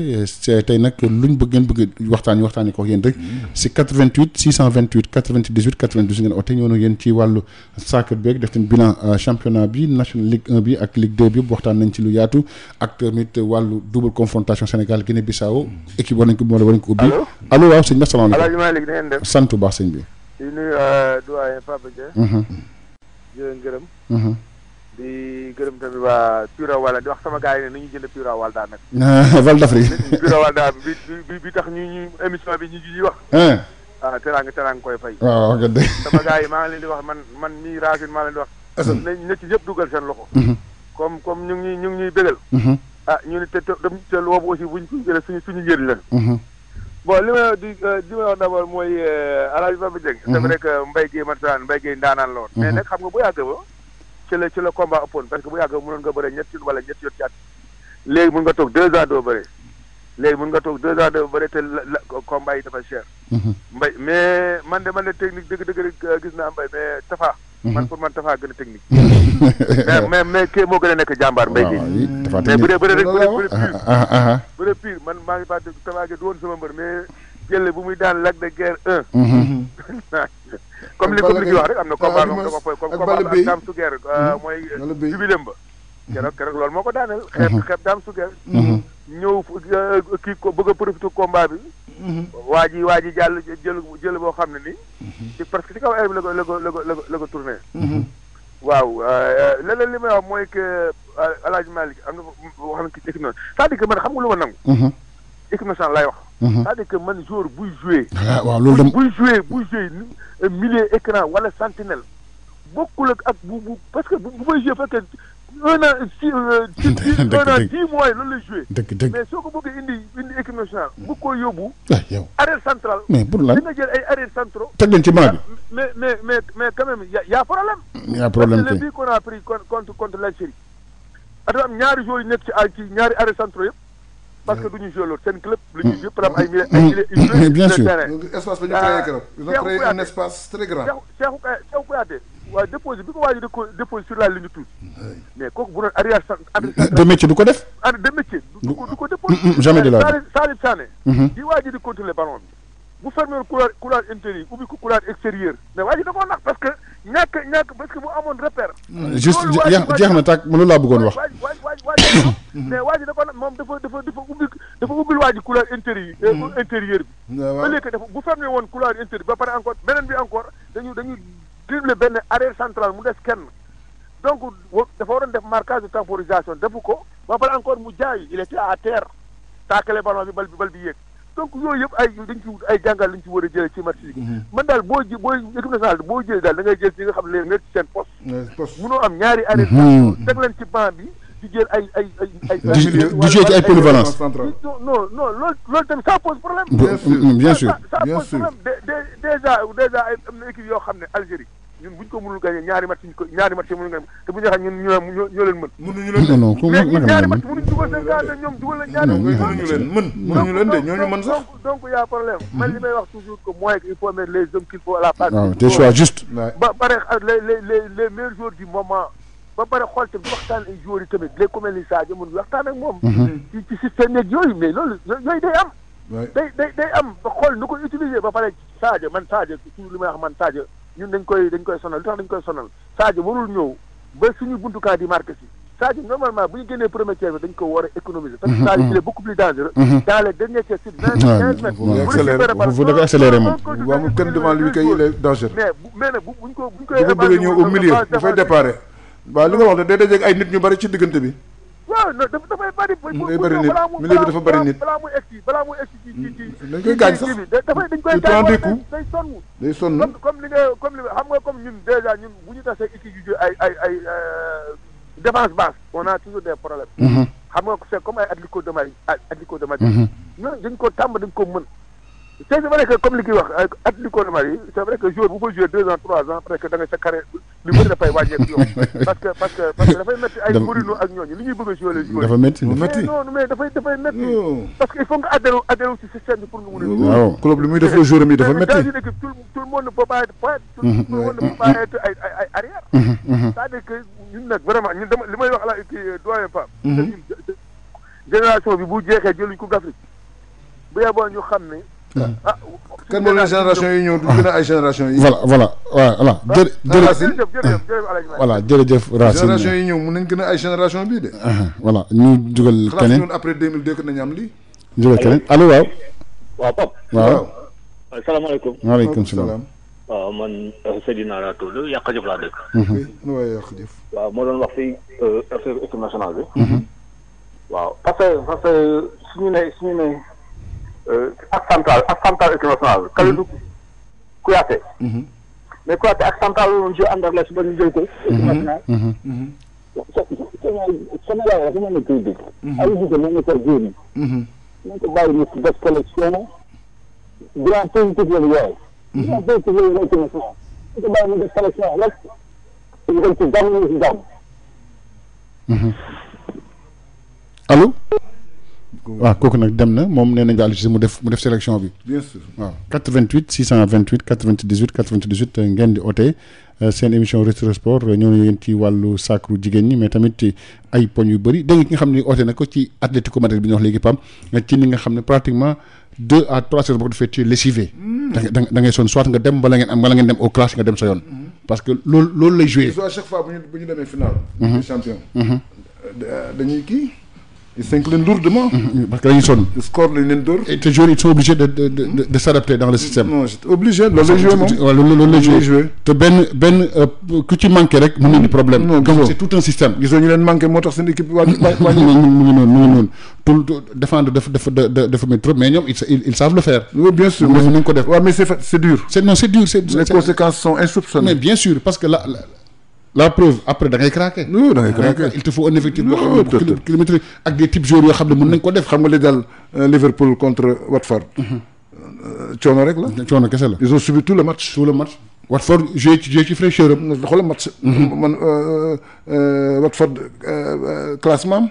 Speaker 1: tey nag luñ bëgg ngeen bëgg waxtaan ñu waxtaanee ko yéen rek mm. si 88 628 98 98 ngeen oote ñëw na yéen ci wàllu sacre beeg def nañ bilan euh, championnat bi national ligue 1 bi ak ligue 2 bi yëpp waxtaan nañ ci lu yaatu ak tamit wàllu double confrontation Sénégal Guinée Bissau équipe war nañ ko wala war nañ ko ubbi. allo waaw sëñ bi asalaamaaleykum allo Malick na ngeen def. sant bu baax sëñ bi.
Speaker 3: di nuyu euh, doyen Papa Dia. Mhm. di leen gërëm. Mhm. di gërëm tamit waa Pura Wala di wax sama gars yi ne nañu jënd Pura Wala daal nag. [LAUGHS] Ah, d'Afrique. Pura Wala daal bi bi tax ñu ñu émission bi ñu ngi wax. Ah. ah teraanga teraanga koy fay. waaw wax dëgg. sama gars yi maa ngi leen di wax man man mii Racine maa leen di wax. na mhm. ñu ngi ñu ngi ñuy bégal. Mhm. ah ñu ne te te te loolu aussi buñ ko jëlee suñu suñu njëriñ la. Mhm. bon li ma di euh, li ma wax mbay gi ma daan mbay gi ndaanaan la woon. mais xam nga bu yàgg ba. ci la ci la combat ëppoon parce que bu yàgg mënoon nga bëre ñetti wala ñetti yoon ci at léegi mun nga toog deux ans doo bëre léegi mun nga toog deux ans doo bëre te la combat yi dafa cher. Mhm. mbay mais man de man de technique dëgg dëgg rek euh, gis naa mbay mais Tafa. Mhm. man pour man Tafa gën a technique. [LAUGHS] mais mais mais moo gën a nekk jàmbaar mbay mi. mais bu dee bu man maa ngi fàttali Tafa gi du woon sama mbër mais jëlle bu muy daan Lac de Guiers 1. [LAUGHS] comme li comme li wax rek am na combat moom da ko fooy comme combat daam su geer mooy jubileem ba keroog keroog loolu moo ko daaneel xeeb mm-hmm. xeeb daam su geer mm-hmm. ñëw euh, kii ko bëgg a profité combat bi mm-hmm. waa ji waa ji jàll jël jël boo xam ne nii ci parce que ci kaw air bi la ko la ko la ko la ko la ko tourné waaw euh, leneen li may wax mooy que El euh, Hadj Malick am na wax na ki équipe na c'est-à-dire que man xam nga lu ma nangu équipe nationale laay wax Mhm. c'est-à-dire que man joueur buy joué. Ah, waaw loolu dem buy joué buy joué milieu écran wala sentinelle bokkul ak bu bu parce que bu may joué fekkee un an euh, [LAUGHS] loolu lay joué. dëgg dëgg mais soo ko bëggee indi indi équipe nationale bu ko yóbbu. Ah, yow arrière central. mais pour lan dina jël ay arrière centraux. teg leen ci banc mais mais mais mais quand même y' a y' a problème.
Speaker 1: y' a problème tey
Speaker 3: parce a pris contre contre l'Algérie. dafa ñaari joueurs yu nekk ci ay ci ñaari arrière centraux yëpp. parce que du ñu joué loolu seen club. lu ñuy mm. joué par exemple ay mille ay mille. mais bien sûr espace bi ñu créé euh, keroog. ils ont créé un espace très grand. Cheikhou Cheikhou Kouyaté waaw déposé ko waa ji déposé sur la ligne touche. mais kooku bu doon arrière sax. de métier du ko def. ah de métier. du ko du ko déposé. Mm, mm, jamais de la vie Salif Sané. di mm-hmm. waa ji di contrôler ballon bi. bu fermé woon couloir couloir intérieur ubbi ko couloir extérieur. mais waa ji da koo nax parce que ñàkk ñàkk parce
Speaker 1: que bu laa bëggoon waa ji mais
Speaker 3: waa ji dafa moom dafa dafa dafa ubbi dafa ubbil waa ji couleur intérieur hmm. euh, intérieur
Speaker 1: bi ba léegi
Speaker 3: dafa bu fermé woon couleur intérieur ba pare encore beneen bi encore dañu dañuy dribble benn arrière central mu des kenn donc dafa waroon def marquage de temporisation defu ko ba pare encore mu jaay il était à terre taakale ballon bi bal bi bal bi yéeg donc yooyu yëpp ay dañ ci ay jàngal lañ ci war a jëlee ci match bi hmm. man daal boo ji booy équipe nationale boo jëlee daal da ngay jël ñi nga xam ne léegi ci seen poste munoo am ñaari arrêt hmm. teg leen ci banc bi di jël ay ay ay ay. di jouer ay polyvalence. non non non loolu loolu tamit ça pose problème.
Speaker 1: bien sûr bien sûr ça pose problème
Speaker 3: déjà déjà ay am na équipe yoo xam ne Algérie ñun buñ ko mënul gagné ñaari match ñu ko ñaari match mënul gagné te bu ñu waxee ñun non non mais ñaari match mënuñu dugal seen gàllankoor ñoom dugal la ñaari. mënuñu leen mën mënuñu leen de ñooñu mën sax. donc y' a problème man il faut mettre la place. waaw ah, tes choix juste. ba pare les les les meilleurs joueurs ba pare xool te waxtaan ay joueurs yi tamit léegi ku waxtaan ak moom. Mhm. ci ci système yooyu mais loolu yooyu day am. day day am xool nu ko utiliser ba pare Sadio man Sadio toujours li may wax man Sadio ñun dañ koy dañ koy sonal li tax dañ koy sonal Sadio warul ñëw ba suñu buntukaay di marqué si Sadio normalement bu ñu premier tiers bi dañ ko war a économiser. parce que mhm. Sadio il est mhm. beaucoup plus ko accéléré moom
Speaker 1: waaw moom kenn devant lui kay il est dangereux.
Speaker 3: mais bu mais nag bu ñu ko koy. évalué au milieu
Speaker 1: waaw li nga wax de day dajeeg ay nit ñu bari ci diggante bi
Speaker 3: waaw dafay
Speaker 1: bari day bari nit milieu bi dafa bari nit balaa
Speaker 3: muy egsi balaa muy egsi ci ci ci dañ koy gaañ sax dafay dañ koy gaañ day sonn day sonn comme li nga comme li xam nga comme ñun déjà ñun bu ñu tasee équipe yu ay ay ay euh, défense basse on a toujours des problèmes mm-hmm. xam nga c'est comme ay Atlético de Madrid Atlético de Madrid mm-hmm. ñooñu dañ ko tàmb dañ ko mën c' est vrai comme li kii wax euh, at li ko yi c' est vrai que joueur bu ko joué deux ans trois ans presque da nga sa carré lu bëri dafay wàññeeku yow [LAUGHS] parce que parce que dafay métti ay Mourinho ak ñooñu li ñuy bëgg a joué les joueurs dafa métti oh. parce que il faut nga adhéré adhéré ci système bi pour nga mun a waaw li muy def la joueur dafa métti tout tout le monde ne peut tout le monde mm-hmm. ne peut ay ay arrière mm-hmm. Mm-hmm. c'est-à-dire que ñun nag dama li may wax la euh, doyen Pape génération bi bu jeexee jëluñ Coupe d'Afrique bu yeboo ñu xam ne
Speaker 1: kan
Speaker 3: moo leen génération
Speaker 1: yi ñëw du gën a ay génération yi. voilà voilà voilà ah, jërë ah, jërë. voilà jërëjëf Racine génération yi ñëw mun nañ gën a ay génération bii de. Ah, voilà ñu jugal keneen xanaa après deux mille deux nañu am lii. jugal keneen allo waaw. waaw Pape. waaw. waaw
Speaker 4: waaw moo doon wax fii euh, affaire bi. Mhm. waaw parce que parce que suñu ne suñu ne. Euh, ak central ak central international. Mhm. Kalidou
Speaker 5: Kouyaté. Mhm. mais Kouyaté ak central moom jeu ànd ak la suba ñu jël ko. Mhm. international.
Speaker 6: sama yaay rek ma ne koy dégg. Aliou Cissé moo nekk ak jéem. nañ ko bàyyi mu def collection. grand positif la ñu yaay. grand positif la ñu nekk na sax. nañ ko bàyyi mu def collection rek. ñu dem ci
Speaker 1: jàmm waaw kooku nag dem na moom nee nañ daal mu def mu def sélection bi. bien sûr waaw 88 628 98 98 ngeen di oote euh, seen émission Retro Sport ñoo ngi leen ci wàllu jigéen ñi mais tamit ay poñ yu bëri dégg ci euh, nga xam ne pratiquement. deux à trois heures boo ko defee tu es lessivé. Mm. da ngay soit nga dem bala ngeen dem au clash nga dem sa yoon. Mm. parce que loolu lay joué. ils cinq leen lourdement. Mm-hmm. Mm-hmm. parce que dañuy sonn. score lañ leen dóor. et te joueurs ils sont obligés de de de de s'adapter dans le système. non c'est obligé loolu lay joué moom. waaw loolu loolu lay joué te benn benn euh, ku ci manqué rek mën nañu problème. non comme c'est tout un système. gisoo ñu leen manqué moo tax seen équipe waa waa ñu. mu ngi noonu mu ngi noonu tout défendre dafa dafa dafa mën trop mais ñoom ils ils savent le faire. oui bien sûr mais nañ ko def. waaw mais c'est c'est dur. c'est non c'est dur c'est. les conséquences sont insoupçonnées. mais bien sûr parce que la. la preuve après da ngay ah, craquer. il te faut un effectif boo xam ne kilométrique ak des types yoo xam ne mën nañ ko def. xam nga li daal euh, Liverpool contre Watford. Mhm. Euh, coono rek la. coono kese la. ils ont subi tout le match. tout le match Watford joué ci ci fraîcheur am. xoolal match. Mhm. man euh, classement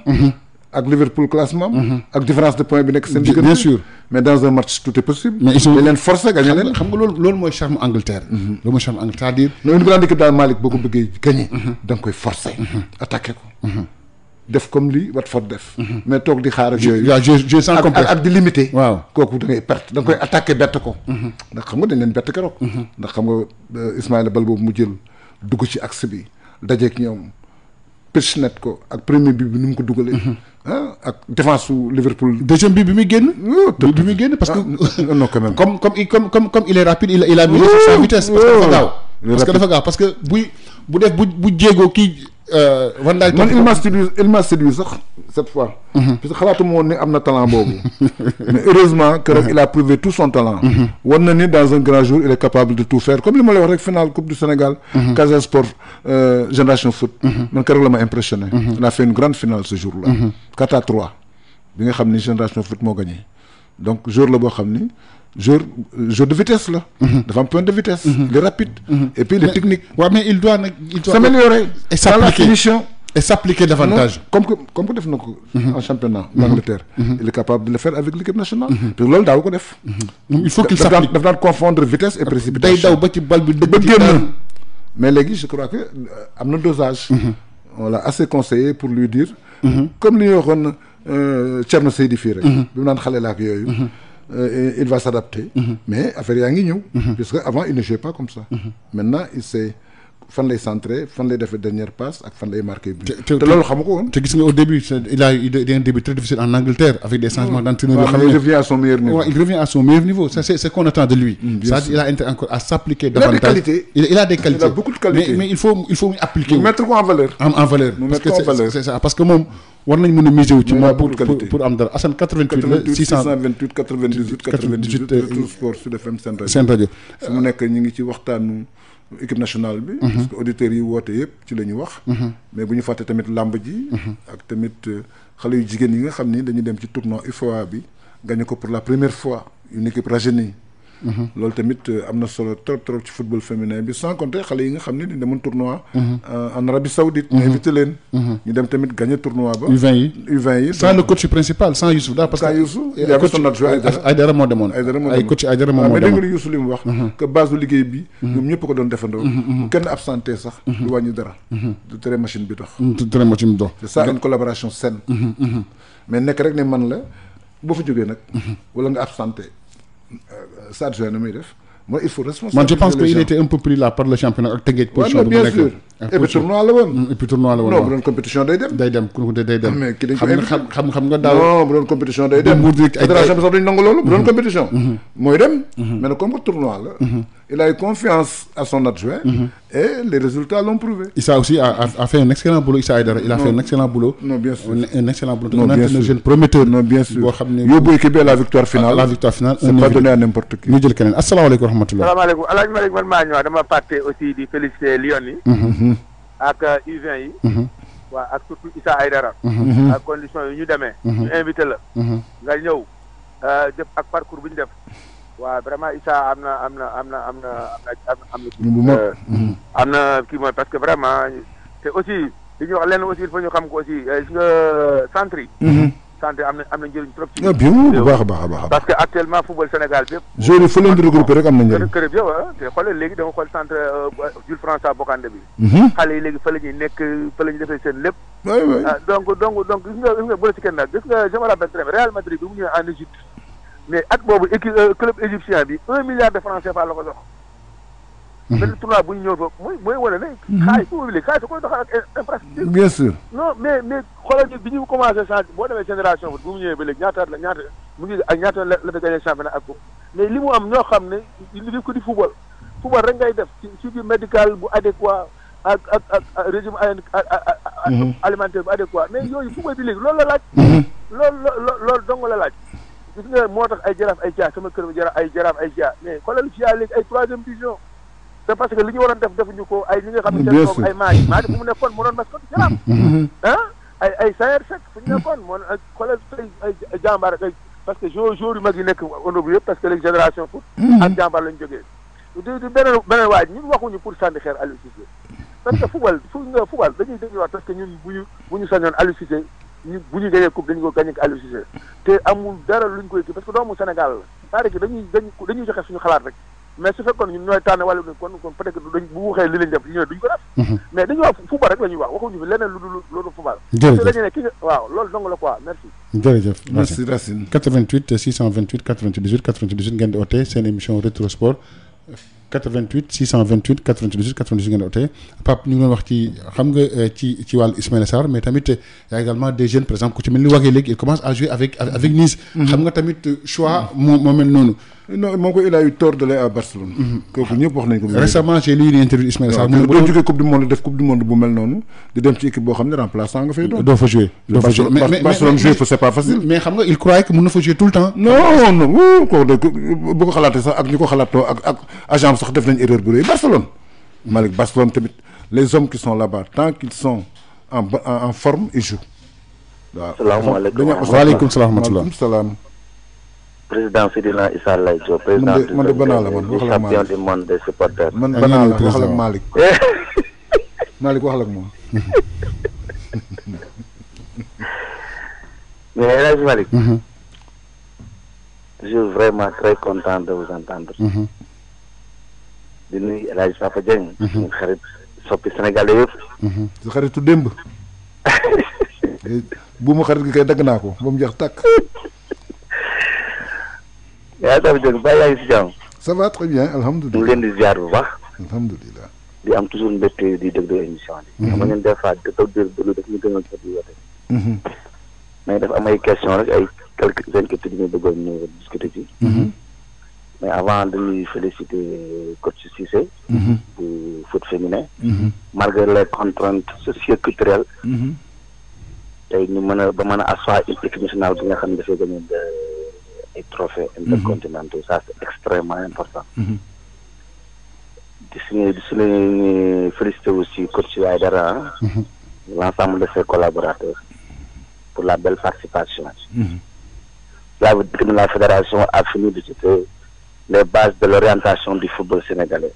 Speaker 1: ak Liverpool classement. Mhm. ak différence de point bi nekk seen. diggante bien sûr mais dans un match tout est possible. mais leen forcer gagné leen. xam nga loolu mooy charme Angleterre. Mhm. loolu mooy charme Angleterre c'est-à-dire. non une daal Malick boo ko bëggee gagné. Mhm. da koy forcer. attaqué ko. def comme li Watford def. mais toog di xaar ak yooyu. waaw je je sans complexe ak di limité. waaw kooku da perte da koy attaqué bett ko. ndax xam nga dañ leen bett keroog. ndax xam nga euh, Ismaïla Pechnet ko ak premier bi bi nu mu ko dugalee. Mhm. Ah, ak défense su Liverpool. deuxième bi bi muy génn. Ah, bi muy génn parce que. Ah, comme comme comme comme il est rapide il a il a mis oh, sa vitesse. parce que dafa oh. gaaw parce que buy bu def bu bu jéego kii. Euh, Van Dijk man il m'a séduit il m'a séduit mhm. woon ni am na talent boobu. [LAUGHS] mais heureusement que rek mhm. a prouvé tout son talent. Mhm. na ni dans un grand jour il est capable de tout faire comme li ma lay euh, génération foot. man keroog la a jour là. 4 xam ni génération foot moo gagné donc jour la boo xam ni. jeu euh, jeu de vitesse la. Mhm. dafa am point de vitesse. Mhm. les rapides. Mhm. et puis les techniques. waaw mais il doit nag il doit s'améliorer. et s'appliquer et s'appliquer davantage. comme que comme que def na ko. en championnat d'Angleterre. il est capable de le faire avec l'équipe nationale. te loolu daaw ko def. il faut qu'il s'applique daf daan confondre vitesse ba ci bal bi dëgg ba génn mais léegi je crois que euh, am na dosage. on l'a assez conseillé pour lui dire. comme li ñu waxoon euh, Thierno Seydi fii rek. bi mu naan xale euh, il va s'adapter. Mm -hmm. Mais affaire yaa ngi ñëw. Mm-hmm. puisque avant il ne jouait pas comme ça. Mm-hmm. Maintenant il s'est fan lay centré fan lay defee dernière ak fan lay but. te loolu xamu ko woon. te gis nga au début il a début très difficile en Angleterre avec des changements d'entraîneur. il revient à son meilleur niveau. il c'est qu'on attend de lui. Mm, il a des qualités mais il faut il faut mu mettre ko en valeur. parce que moom. war nañ mën a miser wu ci moom pour am dara Assane 88 la 628 98 98 Sport Sud FM seen rajo seen rajo su mu nekk équipe nationale bi. Mhm. parce que auditeurs yi woote yëpp ci la wax. Mhm. mais bu ñu fàtte tamit làmb ji. Mhm. ak tamit euh, xale yu jigéen yi nga xam ni dañu dem ci tournoi UFOA bi. gagné ko pour la première fois une équipe rajeunie. loolu tamit euh, am na solo trop trop ci football féminin bi sans compter xale yi nga xam ne di demoon tournoi. Euh, en Arabie Saoudite. ñu mhm. invité leen. Mhm. ñu dem tamit gagné tournoi ba. U20 yi U20 yi. sans le coach principal sans Youssouf daal parce que. sans Youssouf y' avait son adjoint Aïdara moo demoon. Aïdara moo demoon ay coach Aïdara moo ah, demoon mais dégg nga Youssouf li mu wax. Mhm. que base bu liggéey bi. ñoom ñëpp ko doon defandoo. kenn absenté sax. du wàññi dara. du tere machine bi dox. Mm, du tere machine bi dox. c'est ça une collaboration saine. mais nekk rek ne man la boo fa jógee nag. wala nga absenté. Euh, Sadio Sène muy def mooy il faut responsable. man par le championnat ak tëngeej. position bu mu nekk et tournoi la woon. et tournoi la woon non bu doon compétition day dem. day dem ah, xam xam xam nga daaw. bu doon compétition day dem. bu mu wut ay fédération loolu. bu doon mhm. compétition. Mhm. mooy dem. Mhm. mais nag comme que tournoi la. il a eu confiance à son adjoint. Mm les résultats l'ont prouvé. Issa a, a, a, fait un excellent boulot Issa Aïdara il a non. fait un excellent boulot. non bien sûr un, excellent boulot. non bien sûr un jeune prometteur. non bien sûr boo xam ne yóbbu équipe bi à la victoire finale. la victoire finale c'est pas donné à n'importe qui. ñu jël keneen asalaamaaleykum wa rahmatulah.
Speaker 3: salaamaaleykum El man maa ñëwaat dama fàtte aussi di féliciter Lyon yi. Mhm. Mhm. ak euh, u yi. Mhm. ak surtout Issa Aïdara. ak demee. ñu la. nga ñëw euh, def ak parcours bu ñu def. waaw vraiment Issa am na am na am na am na am na. Euh, mm-hmm. am na kii mooy parce que vraiment te aussi li ñuy wax lenn aussi il faut ñu xam ko aussi euh, gis nga centre yi. santé am na am na njëriñ trop.
Speaker 1: ci ah, bu baax a baax a baax. parce que
Speaker 3: actuellement football Sénégal bi yëpp. l yi fu leen di regroupé rek am na njëriñ. Ah, te xoolee léegi da nga xool centre euh, Jules François Bocandé bi. Mm-hmm. xale yi léegi fa la ñuy nekk fa la ñuy defee seen lépp. Ah, donc donc donc gis nga nga bu nga je me mais at boobu équipe euh, club égyptien bi un milliard de francs CFA la ko jox. Mhm. benn tournoi bu ñu ñëw foofu mooy mooy wane ne. Mhm. xaalis bu mobilier xaalis da koy doxal ak infrastructure. bien sûr non mais mais xoolal ñu bi ñu commencé changé boo demee génération foot bu mu ñëwee ba léegi ñaata la ñaata mu ngi ak ñaata la la gagné championnat ak ko mais li mu am ñoo xam ne li li ko di football football rek ngay def ci suivi médical bu adéquat ak ak ak régime mhm. alimentaire bu adéquat mais yooyu football bi léegi loolu la laaj. loolu loolu loolu dong la laaj. gis nga moo tax ay jaraaf ay jaa sama kër jaraaf ay jaraaf ay jaa mais xoolal jaa léegi ay troisième division c'est parce que li ñu waroon def defuñu ay ñi nga xam ne seen moo doon mascotte jaraaf [LAUGHS] mhm. ah ay ay sayer sec fu ñu moo doon xoolal tey ay jàmbaar nekk ono bu yëpp parce que mhm. ak jàmbaar lañ jógee du du beneen waay ñun waxuñu pour sànni xeer Aliou Cissé parce que football dañuy dégluwaat parce ñun bu sañoon Aliou ñu bu ñu gañee coupe dañu ko gañe ak Aliou Cissé te amul dara luñ koy kii parce que doomu Sénégal la cest que dañuy joxe suñu xalaat rek mais su fekkoon ñooy tànn wala kon kon peut bu waxee li lañ def ñu ko def mhm. mais dañuy wax football rek la wax waxuñu fi leneen lu dul loolu football jërëjëf dañu ne waaw loolu dong la quoi merci jërëjëf merci Racine
Speaker 1: 88 628 88 18 88 ngeen di oote seen émission Rétro 88 628 98 98 ngeen oote Pape ñu ngi doon wax ci xam nga euh, ci ci wàllu mais tamit euh, y également des jeunes par exemple ku ci mel ni Wagué léegi il commence à jouer avec Nice. Mm-hmm. xam nga tamit euh, choix moo moo mel noonu. non moo ko il a eu tort de à Barcelone. Mhm. kooku ñëpp wax nañ ko. récemment j'ai lu une interview Ismaïla Sarr. waaw boo jógee coupe du monde def coupe du monde bu mel noonu di dem ci équipe boo xam ne remplaçant nga fay doo fa joué Barcelone joué fa c'est facile. mais xam nga il croyait que mën na fa jouer tout le temps. non non wuu kooku de bu ko xalaatee sax ak ñu ko xalaatoo ak ak agent sax def nañ erreur bu rëy Barcelone. Malick Barcelone tamit
Speaker 6: président Fidila Issa Lay Diop. président du man de banaa la man wax la champion du monde des supporters. man banaa la wax la ak Malick.
Speaker 1: [LAUGHS] Malick wax la ak moom. [LAUGHS]
Speaker 6: mais El Hadj Malick. toujours mhm. vraiment très content de vous entendre. Mhm. di nuyu El Hadj Papa Dieng. Mhm. suñu xarit soppi Sénégalais yëpp.
Speaker 1: su xaritu démb. [LAUGHS] Eh, bu mu xarit gi kay dagg naa ko ba mu jeex tàkk.
Speaker 6: yaa ngi dégg bàyyi yaa ngi si jàmm.
Speaker 1: ça va très bien alhamdulilah. ñu ngi
Speaker 6: leen di ziar bu baax.
Speaker 1: alhamdulilah.
Speaker 6: di am toujours mbégte di déglu émission bi. Mhm. xam nga ñun des fois di toog di déglu daf ñu gënal sa di woote. Mhm. mais dafa am ay questions rek ay quelques inquiétudes yu ñu bëggoon ñu discuter ci. Mhm. mais avant dañuy féliciter coach Cissé. bu foot féminin. malgré les contraintes socio-culturelles. tey ñu mën a ba mën a asseoir une nationale bi nga xam ne dafay gagné. et trophées intercontinentaux. Ça, c'est extrêmement ¿eh? important. di suñu di suñu ¿eh? félicité aussi coach Aïdara de ses collaborateurs pour la belle participation. Cela veut dire la fédération a fini de citer les bases de l'orientation du football sénégalais.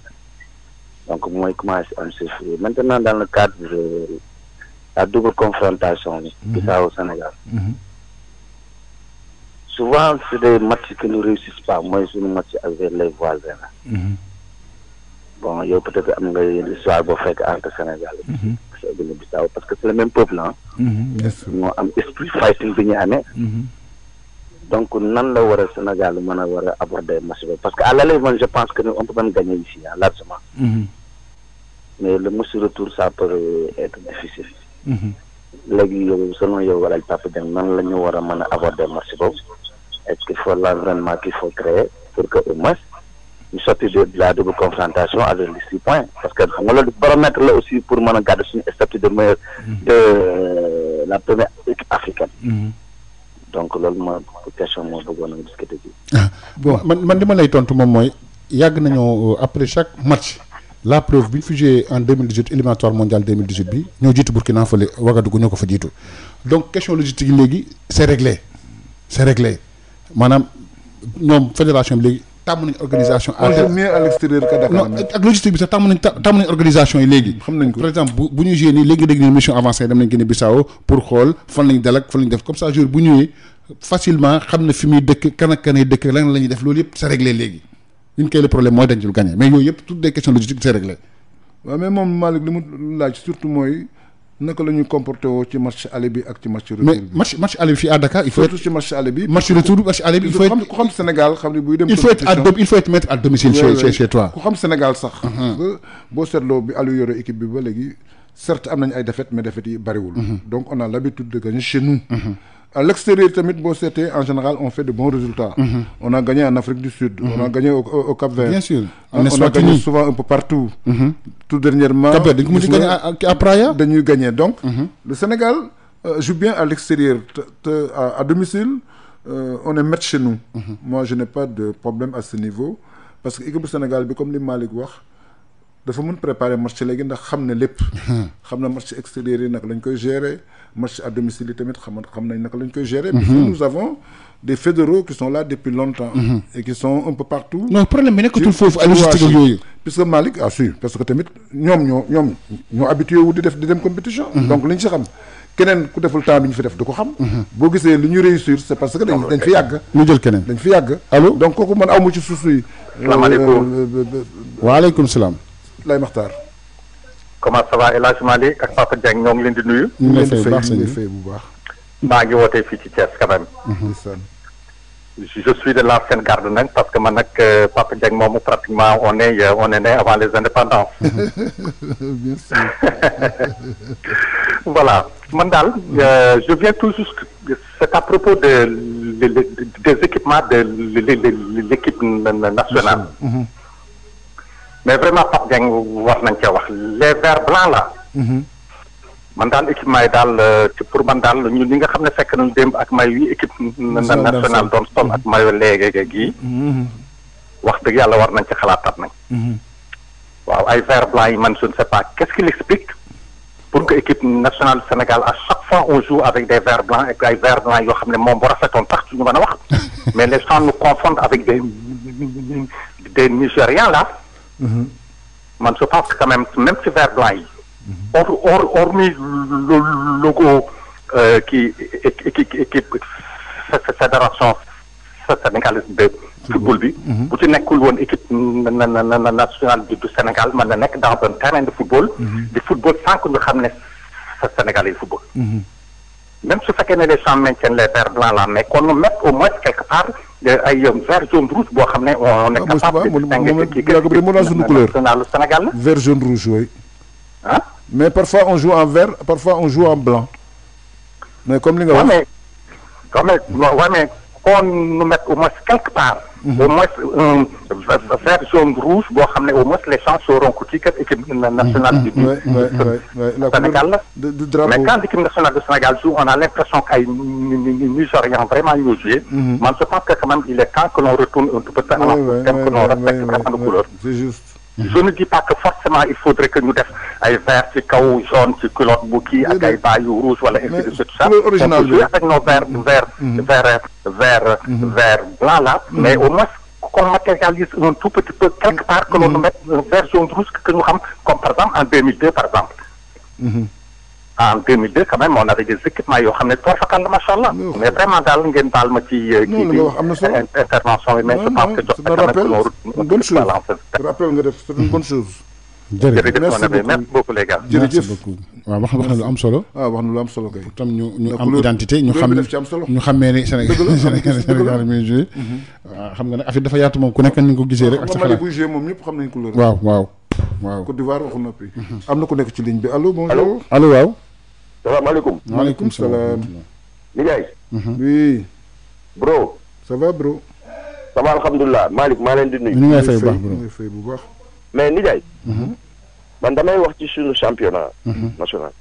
Speaker 6: Donc, moi, comment on se fait Maintenant, dans le cadre la double confrontation, mm -hmm. qui est au souvent c'est des matchs qui ne réussissent pas mooy suñu match avec les voisins la mhm. bon yow peut-être am nga histoire boo fekk entre Sénégal mhm. parce que c'est le même peuple la mhm, moo am esprit fighting bi ñu amee donc nan la war a Sénégal mën a war a match bi parce que à l'aller man je pense que ni on peut même gagner ici ah largement mais le match retour ça peut être difficile léegi yow selon yow wala Pape Dieng nan la ñu war a mën a aborder match boobu est ce qu'il faut que au moins ñu sotti de la double confrontation avec six points parce que xam nga loolu baromètre la aussi pour mën a garder suñu statut de meilleur mm-hmm. de euh, la première équipe africaine mm-hmm. donc loolu ma question moo bëggoon a discuter bi ah,
Speaker 1: bon man man li ma lay tontu moom mooy yàgg nañoo euh, après chaque match la preuve bi ñu fi joué en 2018 éliminatoire mondial 2018 bi ñoo jiitu Burkina Faso Ouagadougou ñoo ko fa jiitu donc question logistique yi léegi c'est réglé c'est réglé maanaam ñoom fédération bi léegi tàmm nañ organisation. Euh, ak logistique bi sax tàmm nañ tàmm nañ organisation yi léegi. xam nañ ko par exemple bu bu ñu joué nii léegi nga dégg ne mission avancée dem nañ Guinée Bissau pour xool fan lañ dalak fan lañ def comme ça jour bu ñëwee facilement xam na fi muy dëkk kan dëkk lan la def loolu yëpp c'est réglé léegi. liñ koy le problème mooy dañ ci gagné mais yooyu yëpp toutes des questions logistiques c'est réglé. waaw mais naka la ñuy comporté woo ci match aller bi ak ci match retour mais match match aller bi fii à Dakar il faut. surtout ci match aller bi. match retour match aller bi il faut être ku xam Sénégal il faut être à mhm. bi Aliou yore bi ba léegi certes am nañu ay défaites mais défaites yi bariwul. Mhm. donc on a l'habitude de gagner chez nous. Mhm. à l'extérieur tamit boo seetee en général on fait de bons résultats. Mm-hmm. on a gagné en Afrique du Sud. Mm -hmm. on a gagné au, au, au Cap Vert. bien sûr ah, on, a gagné souvent un peu partout. Mm-hmm. tout dernièrement Cap Vert dañ ko mujj gagné donc. Mm-hmm. le Sénégal euh, joue bien à l'extérieur te, te à, domicile euh, on est maître chez nous. je n'ai pas de problème à ce niveau parce que équipe bi comme li Malick wax. dafa mun préparer match léegi ndax xam na lépp. [LAUGHS] xam na match extérieur yi naka lañ koy gérer match à domicile yi tamit xam na nañ naka lañ koy gérer. Mm-hmm. parce que nous avons des fédéraux qui sont là depuis longtemps. Mm-hmm. et qui sont un peu partout. Ah, que tamit ñoom ñoo ñoom ñoo habitué wu di def di dem compétition. Mm-hmm. donc liñ si xam. keneen ku deful temps bi ñu fi def du ko xam. boo gisee li ñu réussir c' parce que dañ dañ fi yàgg. ñu jël keneen dañ fi yàgg. allo donc kooku man aw ci suuf si. Euh, euh, euh, salaam. Lay Maxtaar.
Speaker 4: comment ça va El Hadj Malick ak Papa Dieng ñoo ngi leen di nuyu. ñu ngi leen fay bu baax maa ngi wootee fii ci Thiès quand même. Mhm. je suis de l'ancienne garde nag parce que man nag euh, Papa Dieng moomu pratiquement on est euh, on est né avant les indépendances.
Speaker 7: [LAUGHS] [LAUGHS]
Speaker 4: voilà man daal euh, je viens tout juste c'est à propos de des équipements de l'équipe nationale. Mhm. mais vraiment Pape Dieng war nañ cee wax les verts la là. Mhm. man daal équipement yi daal euh, pour man daal ñun ñi nga xam ne fekk nañu démb ak may wi équipe nationale doon sol ak mayo léegi gi mhm. wax dëgg yàlla war nañ ci xalaataat nañ mhm. waaw ay vert blanc yi man je ne sais pas qu'est-ce qu'il explique pour que équipe nationale du Sénégal à chaque fois on joue avec des verts et ay verts blancs yoo xam ne moom bu rafetoon tax suñu mën a wax [LAUGHS] mais le gens nous confondent avec des Mm-hmm. man je pense que quand même même ci Verdun yi. Mm-hmm. or or hormis le logo kii euh, équipe fédération sénégalaise de football bi. Mm-hmm. bu ci nekkul woon équipe nationale du Sénégal mën na nekk dans un terrain de football. di football sans que xam ne Sénégal yi football. même su fekkee ne les gens maintiennent les verts blancs là mais qu'on mette au moins quelque part euh, ay euh, jaune rouge boo xam ne on est ah, capable de distinguer kii
Speaker 1: nationalu Sénégal jaune rouge yooyu ah mais parfois on joue en vert parfois on joue en blanc mais comme li nga wax mais mais
Speaker 4: qu'on nous mette au moins quelque part au moins euh, version rouge boo xam ne au moins les chances seront coûtées kat équipe nationale du Sénégal la mais quand équipe nationale du Sénégal joue on a l'impression que ay Nigérians vraiment ñoo joué man je pense que quand est temps que l'on retourne un tout petit peu à que l'on respecte vraiment nos je ne dis pas que forcément il faudrait que ñu def ay vert ci kaw jaune ci culotte bu kii ak ay yu rouge wala ainsi de suite tout ça on peut jouer avec nos vert vert vert vert vert mais au moins qu'on matérialise un tout petit peu quelque part que l'on mm-hmm. mette un vert jaune que ñu xam comme par exemple en 2002 par exemple mm-hmm. en 2002 yoo xam ne torfakal macha allah. mais vraiment daal ngeen baal ma ci. Euh, kii bi
Speaker 1: jërëjëf merci solo. waaw ah, wax na lu am solo kay. tam ñu am identité ñu xam ñu xamee ne Sénégal Sénégal mi joué. Mhm. waaw xam nga nag affaire dafa yaatu moom ku nekk ni nga ko gisee rek. ak sa xalaat moom ñëpp xam nañ couleur. waaw waaw. waaw Côte d'Ivoire waxu noppi. am na ku nekk ci ligne bi allo. bonjour allo waaw. salaamaaleykum. maaleykum salaam. Ndiaye. Mhm. oui. bro.
Speaker 6: ça va bro. ça va alhamdulilah Malick maa leen di lay
Speaker 1: fay bu baax ñu
Speaker 6: mais Ndiaye. Mhm. man damay wax ci suñu championnat.
Speaker 3: Mhm. national.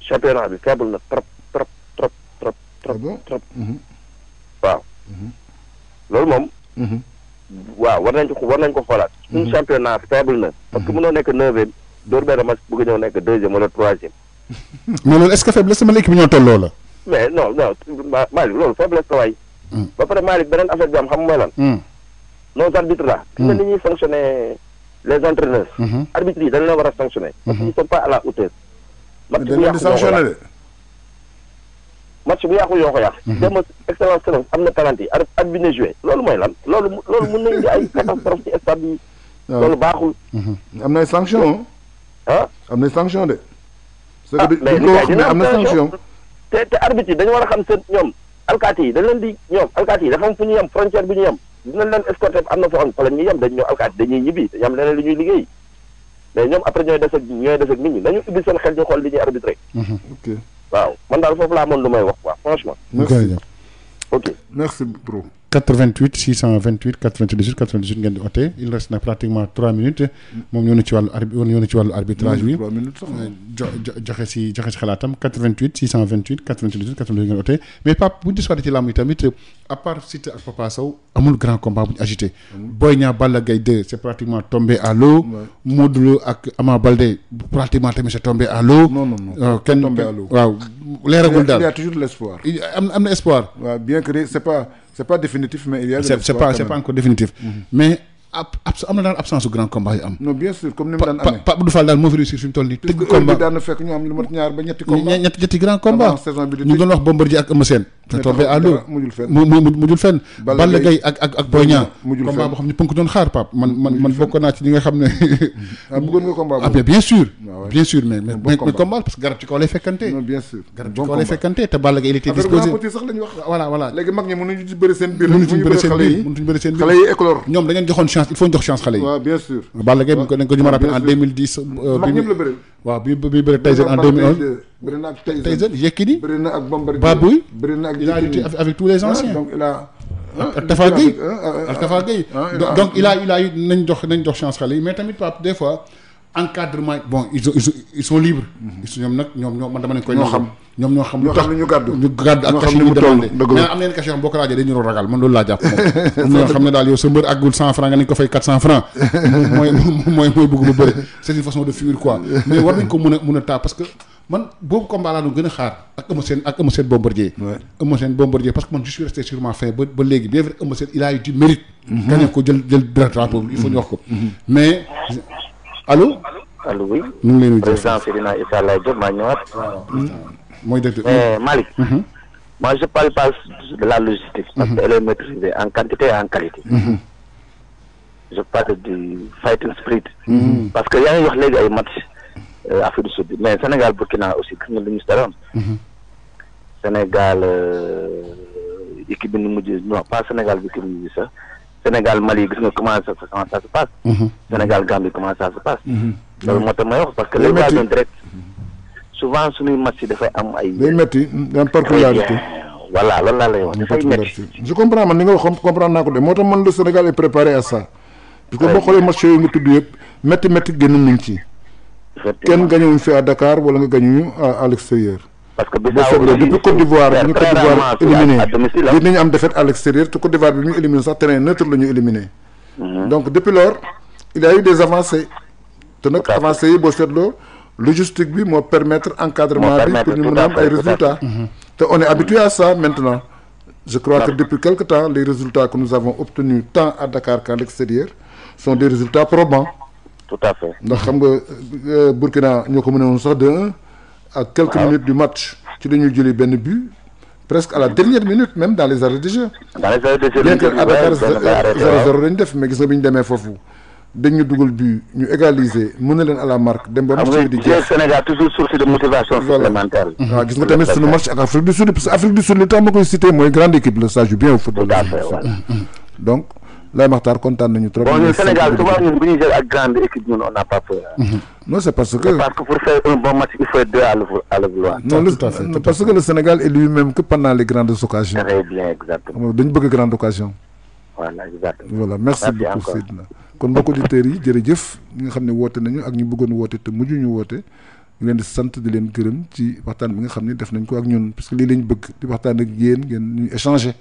Speaker 6: championnat bi faible na trop trop trop trop trop ah trop. waaw. loolu moom. waaw war nañ ko war nañ ko xoolaat. Mhm. suñu championnat faible na. parce que mhm. mënoo nekk neuvième door benn match bëgg ñëw nekk deuxième wala troisième.
Speaker 1: [LAUGHS] mais loolu est-ce que faiblesse sama équipe ñoo tolloo la.
Speaker 6: mais non non Malick loolu faiblesse la waay. Mhm. ba pare Malick beneen affaire bi xam mooy lan. nos arbitres là. gis nga ni ñuy fonctionner les entraîneurs. arbitres yi dañ leen war a sanctionner. parce qu'ils sont pas à la match bu yàqu yoo ko yàq. Mhm. dem excellence am na penalty at at bi ne joué loolu mooy lan loolu loolu mën nañu di ay catastrophe ci stade bi.
Speaker 1: loolu baaxul. Mhm. am na ay sanctions am na sanction de. ah mais li kay dina am sanction te arbitre dañu war a xam seen ñoom alkaati yi
Speaker 6: dañ leen di ñoom alkaati yi dafa am fu ñu yem frontière bi ñu yem dinañ leen escorter am na foo xam fa ñu yem dañuy ñibbi dañu ñuy liggéey mais ñoom après ñooy des ak ñooy des ak nit dañu ubbi seen xel ñu xool li ñuy arbitré. Mhm. waaw man daal foofu laa mën lu may wax quoi franchement.
Speaker 1: ok merci bro. 88 628 98 98 ngeen di oote il reste na pratiquement 3 minutes moom ñoo na ci wàllu arbi ñoo na ci wàllu arbitrage bi jo joxe si joxe si xalaatam 88 628 98 98 ngeen oote mais Pape bu ñu discuté ci làmb yi tamit à part Siteu ak Papa Sow amul grand combat bu ñu agité. Boy Niang Balla Gaye 2 c' est pratiquement tombé à l'eau Modou ak Ama Baldé pratiquement euh, a toujours l' espoir am am na espoir waaw bien c'est pas définitif mais il y a. c'est pas c'est pas encore définitif. Mm-hmm. mais ab am na daan absence su grand combat yi am. non bien sûr comme ni mu daan amee Pape Abdou Fall daal moo fi réussir fi mu toll nii. tëgg combat daan na fekk ñu am lu mot ñaar ba ñetti. combat ñetti ñetti grand combat. saison bi ñu doon wax Bombardier ak Eumeu Sène te tombé à l'eau mujjul fenn mujjul fenn Balla Gaye ak ak ak seen biir mënuñu bëri seen biir seen biir xale yi éclore ñoom dañu joxoon chance il faut jox chance xale yi waaw bien sûr Balla Gaye dañ ko ñu ma ah, en 2010 euh, mag ñëpp la bëri waaw bi bi bëri Tyson en bëri na ak Tyson Yékini bëri na ak bëri na ak il a lutté avec tous les ah, anciens donc il a ak ah, Tafa Gueye ah, ak Tafa Gueye donc il a il nañ jox nañ jox chance xale yi mais tamit Pape des fois encadrement bon ils ils ils sont libres. Mhm. ils ñoom nag ñoom ñoo man dama leen koy. ñoo xam ñoom ñoo xam. ñoo xam ñu gàddu ñu gàddu ak cachet ñu demandé mais am na yenn cachet yoo xam boo ko laajee dañu doon ragal man loolu laa jàpp moom. [LAUGHS] ñoo xam ne daal yow sa mbër àggul cent franc nga nañ ko fay quatre cent franc. [LAUGHS] mooy mooy mooy bëgg ba bëri c'est une façon de fuir quoi mais war nañ ko mën a mën a taa parce que. man boobu combat laa doon gën a xaar ak Eumeu Sène ak Eumeu Sène Bombardier Eumeu Sène Bombardier parce que man je suis resté sur ma faim ba ba léegi bien vrai Eumeu Sène il a eu du mérite mhm. gagné ko jël jël drapeau il faut mhm. ñu wax ko mais allo.
Speaker 6: allo oui. ñu ngi leen di président Seydina Issa Laye Diop maa ñëwaat. Mm-hmm.
Speaker 1: mooy dëgg mais Malick. Mm-hmm.
Speaker 6: pas de la logistique. parce mm-hmm. que elle en quantité et en qualité. je parle du fighting spirit. parce que yaa ngi wax léegi ay match euh, Afrique du Sud mais Sénégal Burkina si dara. Sénégal euh, équipe bi nu mujj non pas Sénégal bi équipe bi Sénégal Mali gis nga comment ça comment ça se mhm. Sénégal Gambie comment ça se mhm. moo tax may wax parce que les métti am ay. day
Speaker 1: métti en particularité.
Speaker 6: voilà loolu laa lay wax dafay métti.
Speaker 1: man ni nga wax naa ko de moo tax man le Sénégal est préparé à parce que boo xoolee match yooyu nga tudd yëpp métti métti génn nañ ci. kenn gañewuñ fi à Dakar wala nga gañuñu à parce que Bissau aussi bi Côte d'Ivoire bi ñu Côte d'Ivoire éliminé bi nañu am défaite à l'extérieur te Côte d'Ivoire bi ñu éliminé sax terrain neutre la ñu mhm. donc depuis lors il y a eu des avancées te nag avancées yi boo seetloo logistique bi moo permettre encadrement bi pour ñu mën am ay résultats mhm. te on est habitué à ça maintenant je crois que depuis quelque temps les résultats que nous avons obtenus tant à Dakar qu'à l'extérieur sont des résultats probants tout à euh, ñoo ko mënewoon à quelques minutes du match ci la ñuy benn but presque à la dernière minute même dans les arrêts de jeu. dans les arrêts de jeu dañ def mais gis nga bi ñu demee foofu dañ ñu dugal but ñu égaliser mën leen à la marque dem ba match bi di jeex.
Speaker 6: gis nga tamit suñu match ak
Speaker 1: Afrique du Sud parce que Afrique du Sud li tax ma koy cité mooy grande équipe la ça joue bien au football. donc. Laye Makhtar kontaan nañu trop. bon ñun Sénégal mhm. parce que.
Speaker 6: parce que pour faire un que le Sénégal est
Speaker 1: lui-même que pendant les grandes occasions. très bien exactement. dañu bëgg grande occasion. voilà exactement. voilà merci beaucoup Seydina. kon mbokk auditeurs yi jërëjëf ñi nga xam ne woote nañu ak ñu bëggoon woote te mujj ñu woote. ñu leen di sant di leen gërëm ci waxtaan bi nga xam ni def nañ ko ak ñun parce que lii lañ bëgg di waxtaan ak yéen ngeen ñu échanger.